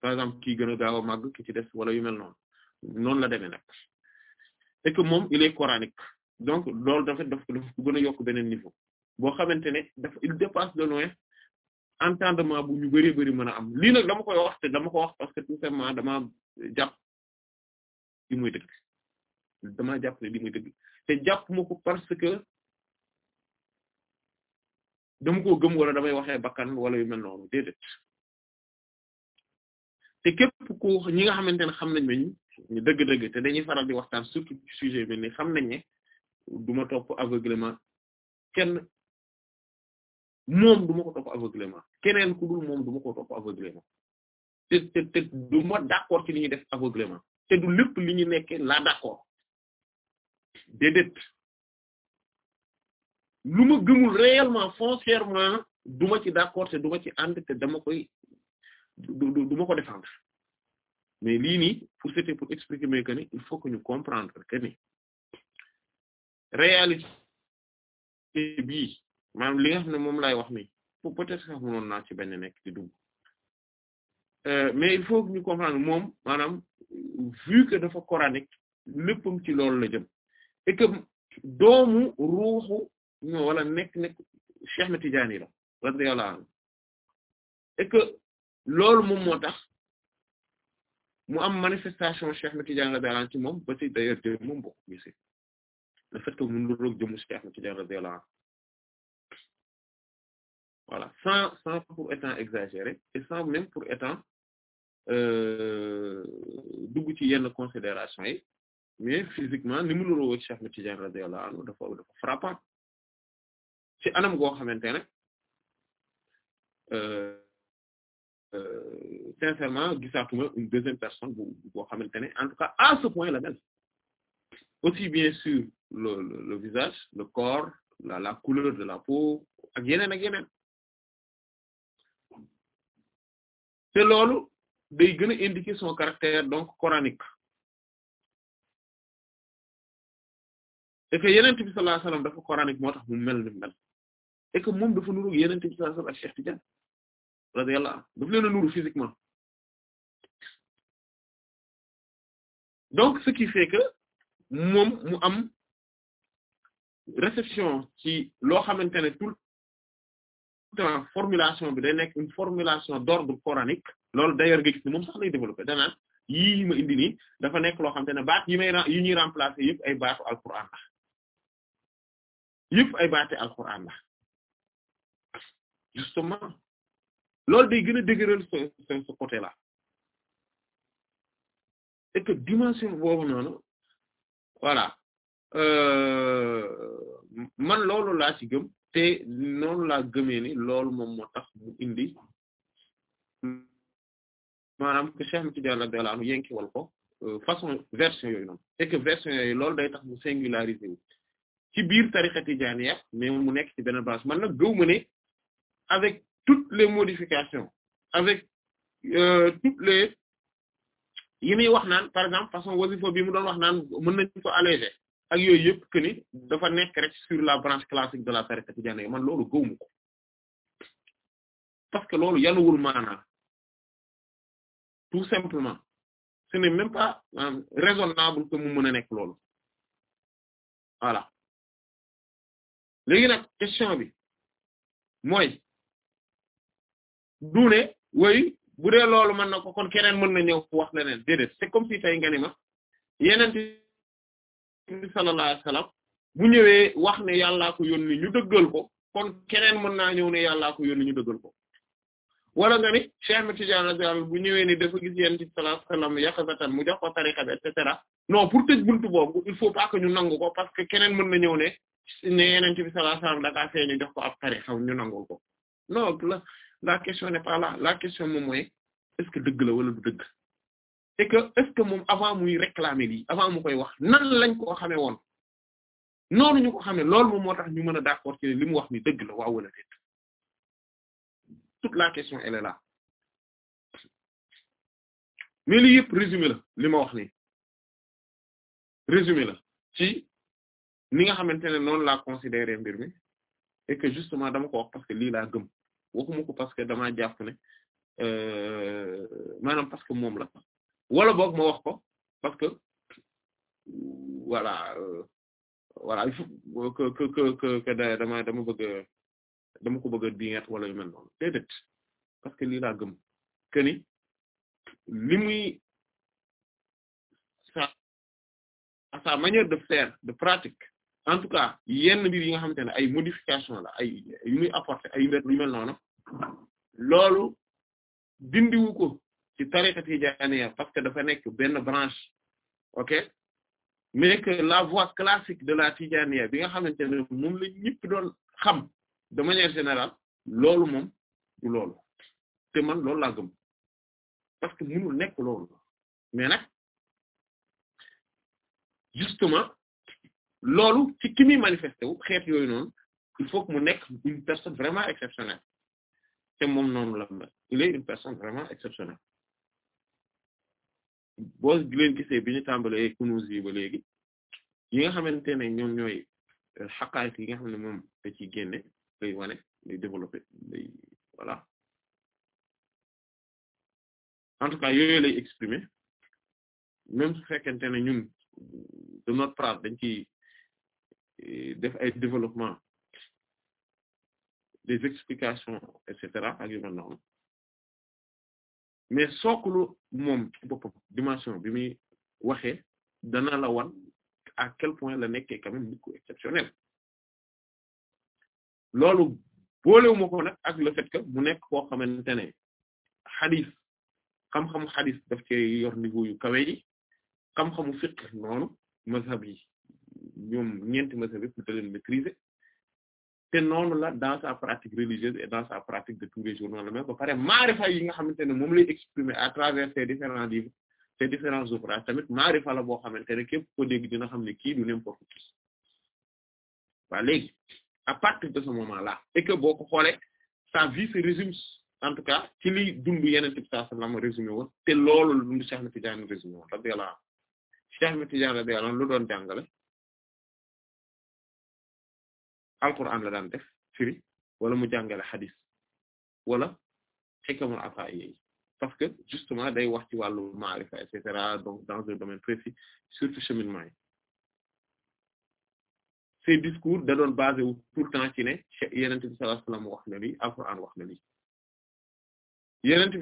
par exemple ki gën a gaaw a màgg ki ci def wala yu mel noonu noonu la demee nag et que il est coranique donc loolu dafa daf ko gën a yokk beneen niveau boo xamante ne dafa il dépasse de loin entendement bu ñu bari bari mën a am lii nag dama koy wax te dama ko wax parce que tout simplement dama jàpp li muy jàpp ne li muy dëgg te jàpp ma ko parce que dama koo gëm wala damay waxe bakkan wala yu mel noonu déedéet te képp ku ñi nga xamante ne xam nañ ne ñu dëgg-dëgg te dañuy faral di waxtaan surtout ci sujet bi xam nañ ne du ma topp aveuglement kenn moom du ma ko topp aveuglement keneen te te te du ma ci li ñuy def aveuglement te du lépp li ñu nekkee laa d'accord déedéet lu ma foncièrement du ci d'accord te du ci ànd te dama koy du du ma ko défendre mais lii nii pour c'était pour expliquer mais il faut que ñu comprendre que réalité bii maanaam li nga xam moom laay wax ni pour peut-être sax mënoon naa ci benn nekk di dugg euh, mais il faut que ñu moom maanaam vu que dafa coranique léppam ci loolu la jëm et que doomu ruuxu wala nekk nekk Cheikh Ahmed Tidiane la radiyallahu anhu et moom moo tax mu am manifestation Cheikh Ahmed Tidiane ci moom ba ci d'ailleurs moom bokk gisee le fait que mu nuroog jëmu Cheikh Ahmed Tidiane radiyallahu anhu voilà sans sans pour étant exagéré et sans même pour étant euh, dugg ci yenn considération yi mais physiquement ni mu nuroog ak Cheikh Ahmed Tidiane radiyallahu anhu dafa dafa frappant ci anam goo xamante ne euh, euh, sincèrement gisaatuma une deuxième personne bu boo xamante ne en tout cas à ce point la mel aussi bien sûr le, le le visage le corps la la couleur de la peau ak yeneen ak te loolu day gën a indiquer son caractère donc coranique et que Yonent bi sallallahu alayhi coranique moo tax mu mel ni mel et que moom nuru Yonent bi sallallahu alayhi wasallam ak nuru physiquement donc ce qui fait que moom mu am réception ci loo xamante ne tout le temps formulation bi day nekk une formulation d'ordre coranique loolu d'ailleurs nga gis ne moom sax lay développer danaan yii ma indi dafa nekk loo xamante ne baat yi may yi ñuy remplacer yëpp ay baatu alquran la yëpp ay baati alquran la justement loolu day gën a dëgëral ce ce ce côté dimension boobu noonu voilà Euh, man loolu laa ci gëm te noonu laa gëmee ni loolu moom moo tax mu indi maanaam que Cheikh Tidiane radiyallahu anhu yenkiwal ko euh, façon version yooyu noonu et que version yooyu loolu day tax mu singularisé ci biir tariqa tijaaniya mais mu nekk ci benn base man nag gëw ma ne avec toutes les modifications avec euh, toutes les yi wax naan par exemple façon wasifa bi mu doon wax naan mën nañu ko alléger ak yooyu yëpp que ni dafa nekk rek sur la branche classique de la tariqa tidiane man loolu gëwmu ko parce que loolu yanuwul maanaa tout simplement ce n'est même pas euh, raisonnable que mu mën a nekk loolu voilà léegi nag question bi mooy du ne woy bu dee loolu mën na ko kon keneen mën na ñëw wax leneen déedéet c'est comme si tey nga ni ma yeneen bi sallallahu alayhi wasallam bu ñëwee wax ne yàllaa ko yónni ñu dëggal ko kon keneen mën naa ñëw ne yàllaa ko yónni ñu dëggal ko wala nga ni Cheikh Ahmed Tidiane radiyallahu bu ñëwee ni dafa gis yéen ci sallallahu alayhi wasallam mu jox ko tariqa bi et cetera tëj buntu boobu il faut pas que ñu nangu ko parce que keneen mën na ñëw ne ne yeneen ci bi sallallahu alayhi wasallam jox ko ab tariqa ñu nangul ko non la la question n'est pas la question moom mooy est-ce que dëgg la wala du dëgg et que est-ce que moom avant muy réclamer lii avant mu koy wax nan lañ koo xamee woon noonu ñu ko xamee loolu moom moo tax ñu mën a d'accord li mu wax ni dëgg la waaw wala déet la question elle est là yëpp résumé la lima wax ni résumé la ci ni nga xamante ne noonu laa considéré mbir mi et justement dama ko wax parce que lii laa gëm waxuma parce que damaa jàpp ne euh, maanaam parce que moom la wala boog mo wax ko parce que voilà euh, voilà dama bëgg dama ko bëgg a wala yu mel noonu déedéet parce que lii laa gëm que sa manière de faire de pratique en tout cas yenn mbir yi nga xamante ne ay modification la ay yu muy apporter ay mel noonu loolu ci tariqa tijaaniya parce que dafa nekk benn branche ok mais que la voie classique de la tijaaniya bi nga xamante ne moom la ñëpp doon xam de manière général loolu moom du te man loolu laa gëm parce que nekk loolu mais nag justement loolu ci ki muy xeet yooyu noonu il faut mu nekk une personne vraiment exceptionnelle te moom noonu la mel il est une personne vraiment exceptionnelle boo leen gisee bi ñu tàmbalee kunuus yi ba léegi yi nga xamante ne ñoom ñooy xaqaay euh, yi nga xam ne moom dañ ciy génne day wane day développer day voilà en tout cas yooyu lay exprimer même su fekkente ne ñun de notre part dañ ci euh, def ay développement des explications et ak yu mel mais sooklu moom ci boppam dimension bi muy waxee dana la wan a quel point la nekkee quand même nit ku exceptionnel loolu boolewuma ko nag ak le fait mu nekk koo xamante ne xadis xam-xamu xadis daf cee yor niveau yu kawe xam-xamu fiqh noonu mazhab yi ñoom ñeenti mazhab yëpp leen maîtriser te noonu la dans sa pratique religieuse et pratique de tous les jours noonu la ba pare maarifa yi nga xamante ne moom lay exprimer à travers ces différents livres ces différents ouvrages tamit maarifa la boo xamante ten képp ko dégg dina xam ne kii du n'importe qui waa a à partir de ce moment là et boo ko xoolee sa vie se résume en tout cas ci liy dund yeneen tib saa sallam résumé woon te loolu la dund Cheikh Ahmed Tidiane résumé woon radiyallahu Cheikh Ahmed Tidiane radiyallahu lu doon jàngale alquran la daan def firi wala mu jàngale xadis wala xikamul afa yi parce que justement day wax ci wàllu maarifa et cetera donc dans un domaine précis surtout cheminement yi ces discours da doon basé wu pourtant ci ne yenent bi sallallahu alayhi wasallam wax na wax na lii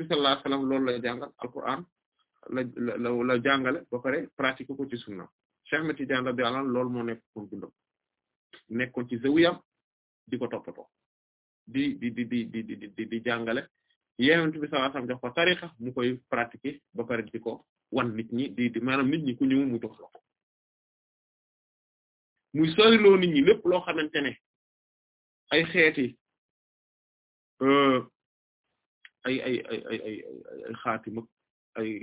loolu la jàngal alquran la la la jàngale ba pare pratiquer ko ci sunna na Ahmed Tidiane radiyallahu anhu loolu moo nekk kon dundam nekkoon ci zawiyam di ko toppatoo di di di di di di di jàngale yonent bi sallallahu alayhi wasallam jox ko tariqa mu koy pratiquer ba pare di ko wan di di ku ñëw mu dox la muy soriloo nit ñi lépp loo xamante ne ay xeeti euh, ay ay ay ay ay ay xaatim ak ay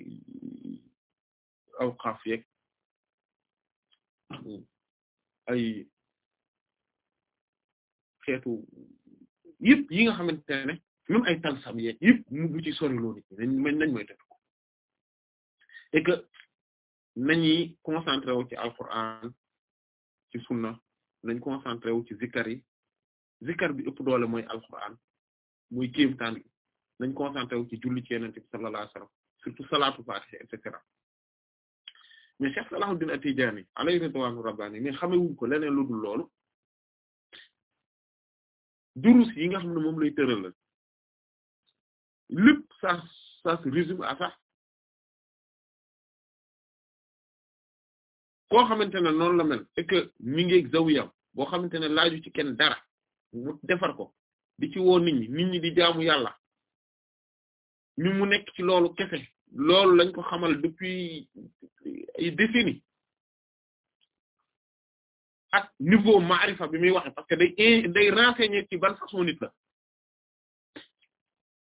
ay xeetu yëpp yi nga xamante ne même ay talsam yeeg yëpp mu bu ci soriloo nañ nañ mooy tëdd ko et que wu ci alquran ci na nañ concentré wu ci zikkar yi zikkar bi ëpp doole mooy alquran muy kéemtaan gi nañ concentré wu ci julli ci yenente bi sallallahu alayhi wasallam surtout salaatu fatiha et cetera mais Cheikh Salahuddin At-Tidjânî alayhi ridwanu rabbani mais xamewuñ ko leneen lu dul loolu durus yi nga xam ne moom lay tëral la lépp ça ça se résume à ça koo xamante ne noonu la mel et que mi ngi zawiyam boo xamante ne laaju ci kenn dara defar ko di ci woo nit ñi nit ñi di jaamu yàlla ni mu nekk ci loolu kese loolu lañ ko xamal depuis ay ak niveau maarifa bi muy waxe parce que day day renseigner ban façon nit la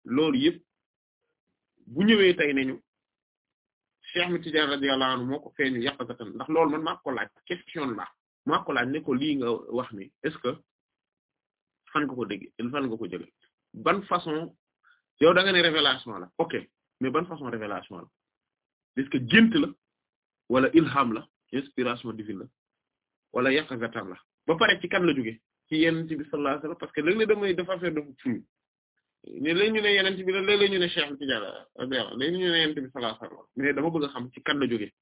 loolu yëpp bu ñëwee tey nañu Cheikh mi Tidiane radiyallahu anhu moo ko feeñu yàqgatan ndax loolu man maa ko laaj question la maa ko laaj ne ko lii nga wax mi est-ce que fan nga ko dégg fan nga ko jële ban façon yow da ne révélation la ok mais ban façon révélation la est-ce la wala ilham la inspiration divine la wala yaqazatan la ba pare ci kan la jóge ci yenent bi sallallahu parce que léeg-léeg damay dafa affaire dafa fulu léeg-léeg ñu ne yenent bi la léeg ñu ne Cheikh Tidiane eh léeg-léeg ñu ne dama bëgg a xam ci kan la jóge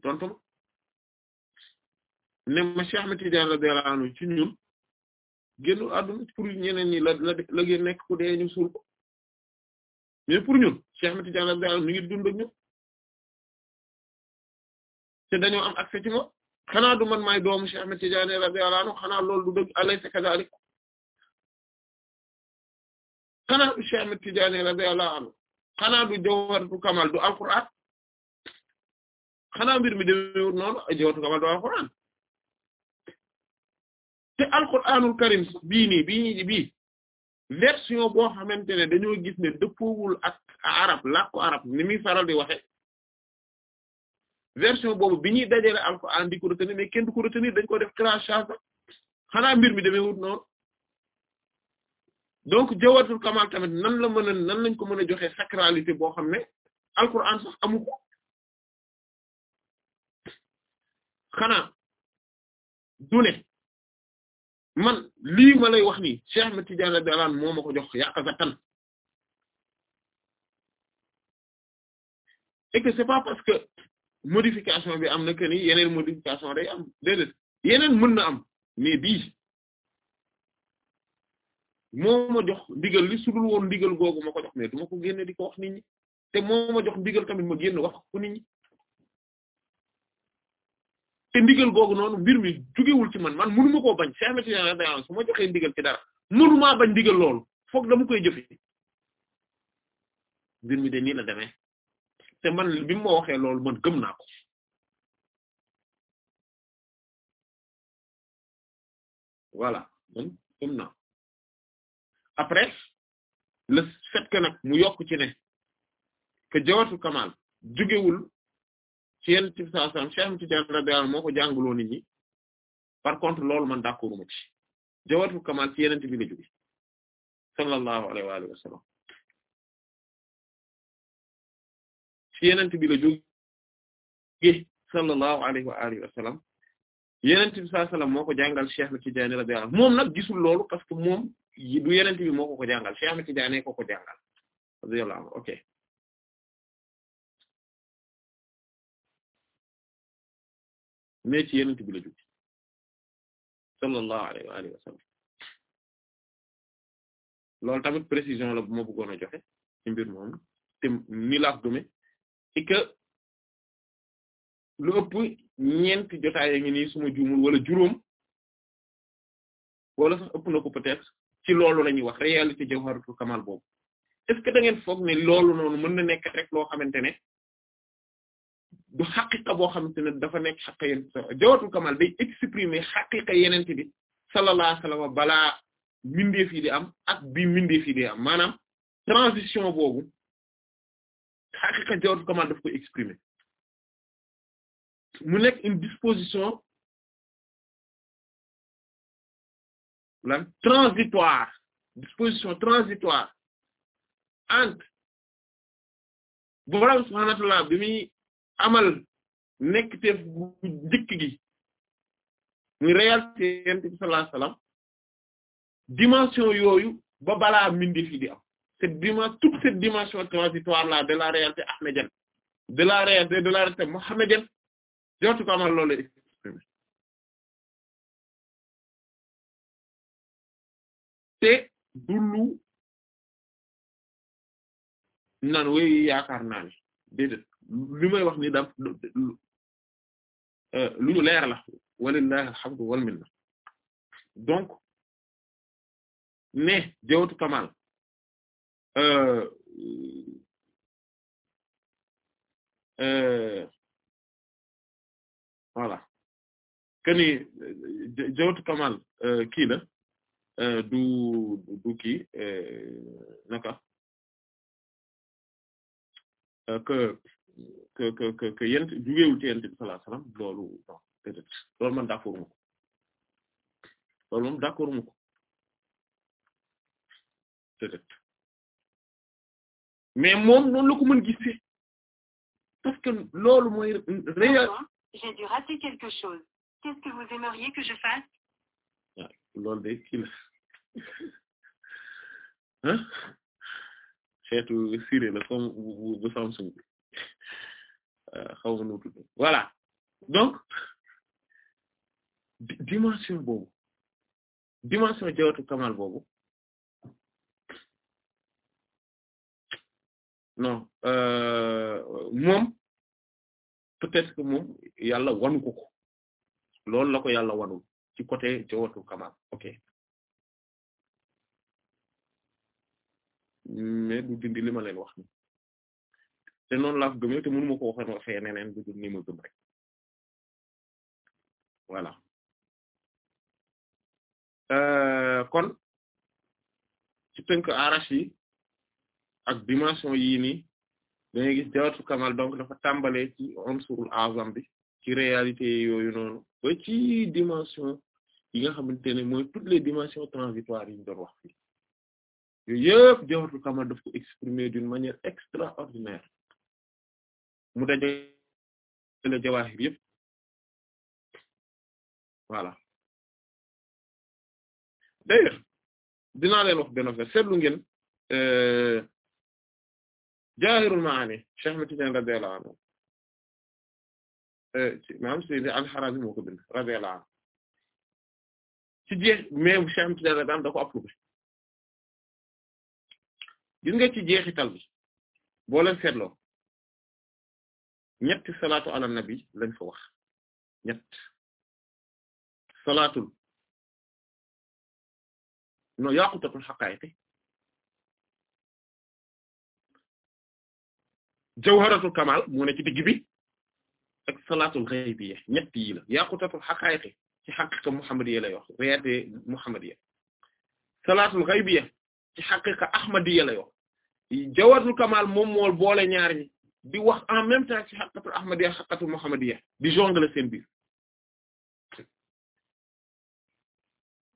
tontom ne ma Cheikh Ahmed Tidiane radiyallahu ci ñun génnu àdduna pour ñeneen la la la nekk ku dee ñu suul ko mais pour ñun Cheikh Ahmed Tidiane radiyallahu anhu mi ngi te dañoo am accès xanaa du man maay doomu Cheikh Ahmed Tidiane radiyallahu anhu xanaa loolu du dëgg alaysa kadhalik xanaa du Cheikh Ahmed Tidiane radiyallahu anhu xanaa du jawharatul kamal du alquran xanaa mbir mi demewul noonu jawharatul kamal du alquran te alquranul karim bii nii bii version boo xamante ne dañoo gis ne dëppoowul arab làkku arab ni muy faral di waxe version boobu bi ñuy dajale alxuraan di ko retenir mais dañ ko def crachage ba xanaa mbir mi demee wut noonu donc jawatul kamal tamit nan la mën nan lañ ko mën a joxe sacralité boo xam ne alxuraan sax amu ko xanaa du ne man lii lay wax nii Cheikh Ahmed Tidiane Rabi Alaan moo ma ko jox yaqazatan et c'est pas parce que modification bi am na que ni yeneen modification day am déedéet yeneen mën na am mais bii moo ma jox ndigal li su dul woon ndigal googu ma jox mais duma ko génne di ko wax nit te moo ma jox ndigal tamit ma génn wax ko nit te ndigal googu noonu mbir mi jugewul ci man man mënu ma koo bañ Cheikh Tidiane radiyallahu su ma ci dara mënu bañ ndigal loolu foog dama koy jëfe mbir mi de nii la demee te man bim mu ma waxee loolu man gëm naa ko voilà man gëm naa après le fait que nag mu yokk ci ne que jawatu kamal jugewul ci yenn ci saa saam Cheikh Tidiane radiyallahu moo ko jàngaloo nit ñi par contre loolu man d'accord ma ci jawatu kamal ci yeneen bi la jóge sallallahu alayhi wa sallam ci yenent bi la jóge sallallahu alayhi wa alihi wa sallam yenent wa sallam moo ko jàngal Cheikh Ahmed Tidiane radiyallahu anhu moom nag gisul loolu parce que moom ok mais ci yenent bi la jóge sallallahu alayhi wa wa sallam loolu tamit précision la bu ma joxe ci mbir moomu te laaf dume et lu ëpp ñeenti jotaay ngi ni suma juumul wala juróom wala sax ëpp na ko peut ci loolu la ñuy wax réalité jawharatul kamal boobu est-ce ngeen foog ni loolu noonu mën na nekk rek loo xamante ne du xaqiqa boo xamante ne dafa nekk xaqiqa yonent jawharatul kamal day exprimer xaqiqa yeneen bi sallallahu alayhi wasallam balaa mbindeef yi di am ak bi mbindeef am maanaam transition boobu xaqiqa jawharatul kamal daf koy exprimer mu nekk une disposition transitoire entre borom subhaanahu wa ta'aala bi muy amal nekk te bu njëkk gi muy réalité yonent dimension yooyu ba balaa mindi fi di am cette dimension toute cette dimension transitoire là de la réalité ahmédienne de la réalité de la réalité mohammédienne jootu ko amal loolu exprimer te du lu naan wéy yaakaar naa ni may wax ni daf euh, lu ñu leer la walillahi alhamdu wal minna donc ne jawtu kamal Euh, euh, voilà que ni euh, jawatu kamal kii la du du kii naka que que que que yent jugeewul ci yent bi sallallahu alayhi wasallam loolu non peut man d'accord mu ko loolu moom d'accord mu mais moom noonu la ko mën gisee parce que loolu mooy réel. j'ai dû quelque chose. qu'est-ce que vous aimeriez que je fasse. ah loolu day kii la ah xeetu Siri la comme bu Samsung bi ah, xaw dimension boobu dimension jawatu kamal boobu. non euh, moom peut-être que moom yàlla wanu ko ko loolu la ko yàlla wanul ci côté jawatu kamal ok mais du dindi li leen wax ni te noonu laa ko gëmee te mënu ma ko waxoon waxee neneen euh, kon ci tënk arash ak dimension yii nii dañuy gis kamal donc dafa tàmbalee ci unsurul azam bi ci réalité yooyu noonu ba ci dimension yi nga xamante ne mooy toutes les dimensions transitoires yi ñu doon wax fii yooyu yëpp jawatu kamal daf ko exprimer d'une manière extraordinaire mu dajale jawaahir yëpp voilà d'ailleurs dinaa leen wax benn affaire seetlu ngeen euh, jaahirul maani Cheikh Ahmed Tidiane radiyallahu anhu eh, ko bind radiyallahu anhu ci jeex mais Cheikh Ahmed Tidiane radiyallahu anhu da ko bi boo leen seetloo ñetti salaatu ala nabi lañ fa wax ñett salaatul no yaqutatul haqa'iqi jawharatul kamal moo ne ci digg bi ak salaatul ghaybiyya ñett yi la yaqutatul haqa'iqi ci haqiqa muhammadiyya lay wax réalité muhammadiyya salaatul ghaybiyya ci haqiqa ahmadiyya lay wax jawharatul kamal moom moo boole ñaar di wax en même temps ci haqiqatul ahmadiyya haqiqatul muhammadiyya di jongle seen biir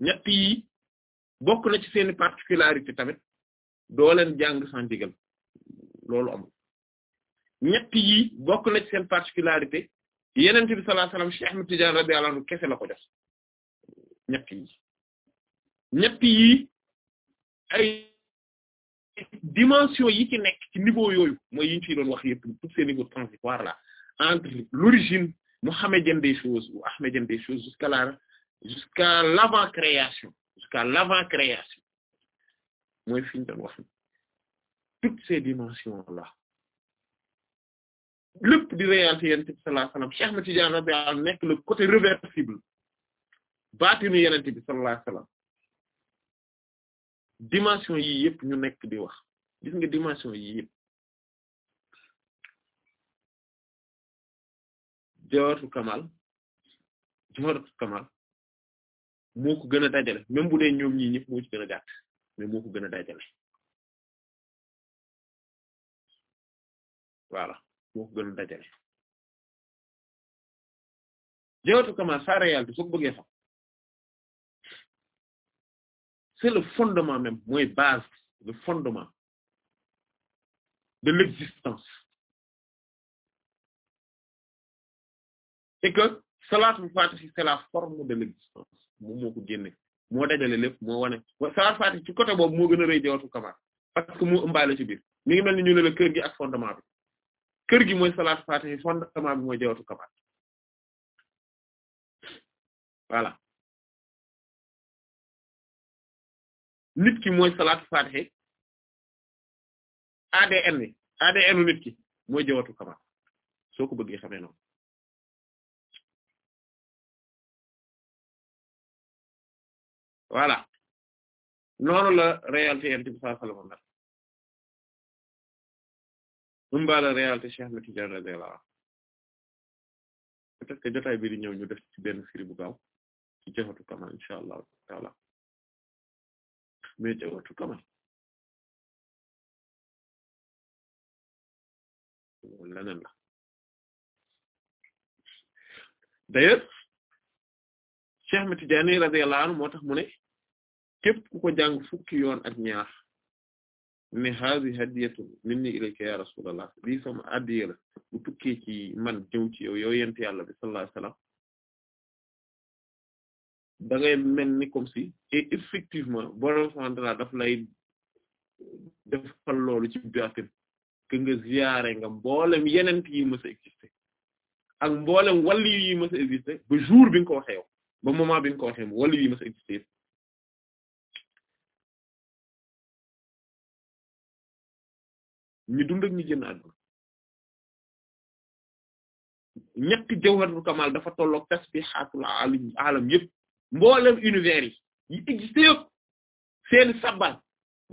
ñett bokk na ci seeni particularité tamit doo leen jàng loolu amul ñett yi bokk na ci seen particularité yeneen bi sallallahu alayhi wasallam Cheikh Ahmed Tidiane radiyallahu kese la ko def ñett yi ñett yi ay dimension yi ci nekk ci niveau yooyu mooy yi ñu doon wax yëpp tous ces niveaux transitoires là entre l'origine mohammedienne des des choses jusqu'à la jusqu'à l'avant-création jusqu'à l'avant-création mooy fi doon wax toutes ces dimensions là lépp di réalité yenente bi sallallahu alayhi wasallam Cheikh Ahmed Tidiane radiyallahu anhu nekk le côté réversible baatinu yenente bi sallallahu alayhi wasallam dimension yii yëpp ñu nekk di wax gis nga dimension yii yëpp Jawharatul Kamal Jawharatul Kamal moo ko gën a dajale même bu dee ñoom ñii ñëpp moo ci gën a gàtt ko gën dajale voilà moo ko gën a dajale jawatu kama sa réalité soo ko bëggee sax c'est le fondement même mooy base le fondement de l'existence et que salaatul fatih c'est forme de l'existence moom moo ko génne moo dajale lépp moo wane salaatul fatih ci côté boobu moo gën a rëy jawatu kama parce que moo ëmbaale ci biir mi ngi mel ni ñu kër gi ak fondement kër gi mooy salaatu faatihi fondement bi mooy jawatu kabaat voilà nit ki mooy salaatu faatihi ADN bi ADN u nit ki mooy jawatu kabaat soo ko bëggee xamee noonu voilà la réalité yent bi sallallahu alayhi wasallam même ba la réalité Cheikh Ahmed Tidiane radiyallahu anhu peut-être que jotaay bi di ñu def ci benn firi bu gaaw ci jawhatu kamal insha allah taala mais jawhatu kamal leneen la d'ailleurs Cheikh moo tax mu ne képp ku ko jàng fukki yoon ak ñaar ne haadi hadiyatun minni ilayka ya rasulallah lii sama addiya la bu tukkee ci man jëw ci yow yow yent yàlla bi sallallahu alayhi mel ni comme si et effectivement borom subhanahu wa ta'ala daf lay loolu ci biatim que nga ziyaare nga mboolem yeneen yi mës a exister ak mboolem wàll yi mës a exister ba jour bi nga ko waxee yow ba moment bi nga ko waxee wàll yi mës a exister ñi dund ak ñi génn àdduna ñetti jawharatul kamal dafa tolloog tasbihatul alim alam yëpp mboolem univers yi yi existé yëpp seen sabbal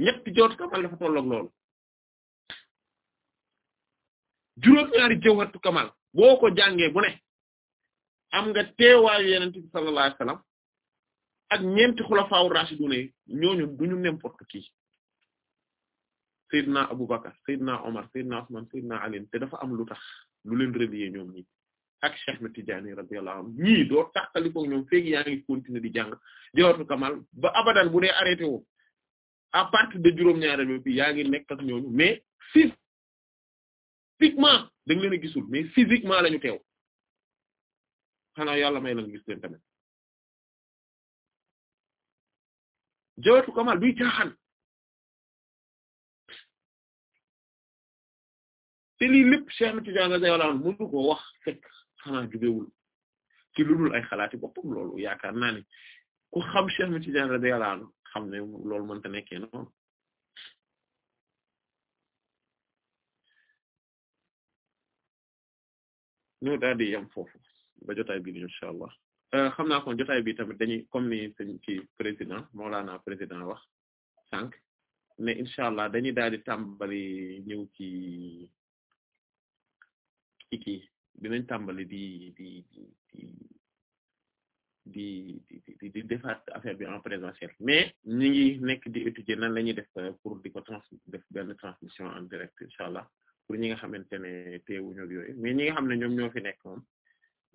ñetti jawharatul kamal dafa tolloog loolu juróom-ñaari jawharatul kamal boo ko jàngee bu ne am nga teewaayu yeneen bi sallallahu alayhi wasallam ak ñeenti xulafaawu rashidun ñooñu duñu n'importe qui Seydina Aboubacar Seydina Omar Seydina Ousmane Seydina Ali te dafa am lu tax lu leen relier ñoom ñi ak Cheikh na Tidiane radiyallahu anhu ñii doo tàqalikoo ñoom feegi yaa ngi continuer di jàng jawatu kamal ba abadan bu dee arrêté woo à partir de juróom-ñaareel bi yaa ngi nekk ak ñooñu mais physiquement da nga leen a gisul mais physiquement la teew xanaa yàlla may la nga gis leen tamit jawatu kamal duy caaxaan te lii lépp Cheikh Tidiane radiyallahu ko wax fekk xanaa jugewul ci lu dul ay xalaati boppam loolu yaakaar naa ku xam Cheikh Tidiane radiyallahu anhu xam ne loolu mënta nekkee noonu ñu daal di yam foofu ba jotaay bi incha allah euh, xam naa kon jotaay bi tamit dañuy comme ni sëñ ci président président wax sànq mais incha allah dañuy daal di tàmbali ñëw ci ci kii dinañ tàmbali di di di di di defaat affaire bi en présentiel mais ñu ngi nekk di étudier nan def euh, pour di ko def benn transmission en direct incha allah pour ñi nga xamante ne teewuñu ak yooyu mais ñi nga xam ne ñoom ñoo fi nekk moom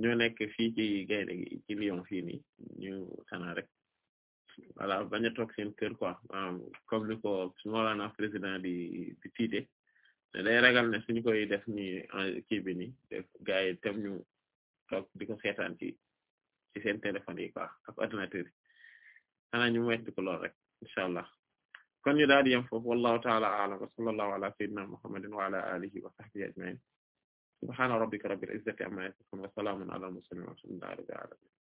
ñoo nekk fii ci gaynde gi ci Lyon fii nii ñu xanaa rek voilà bañ a toog seen kër quoi comme ni président di di te day ragal ne suñu koy def nii ah, kii bi nii def gars yi tam ñu toog di ko seetaan ci ci téléphone yi quoi ak ordinateur yi xanaa ñu moytu rek incha allah kon ñu daal di yem wallahu ta'ala a'lam wa sallallahu ala wa ala alihi wa ala al mursalin walhamdulillahi rabbil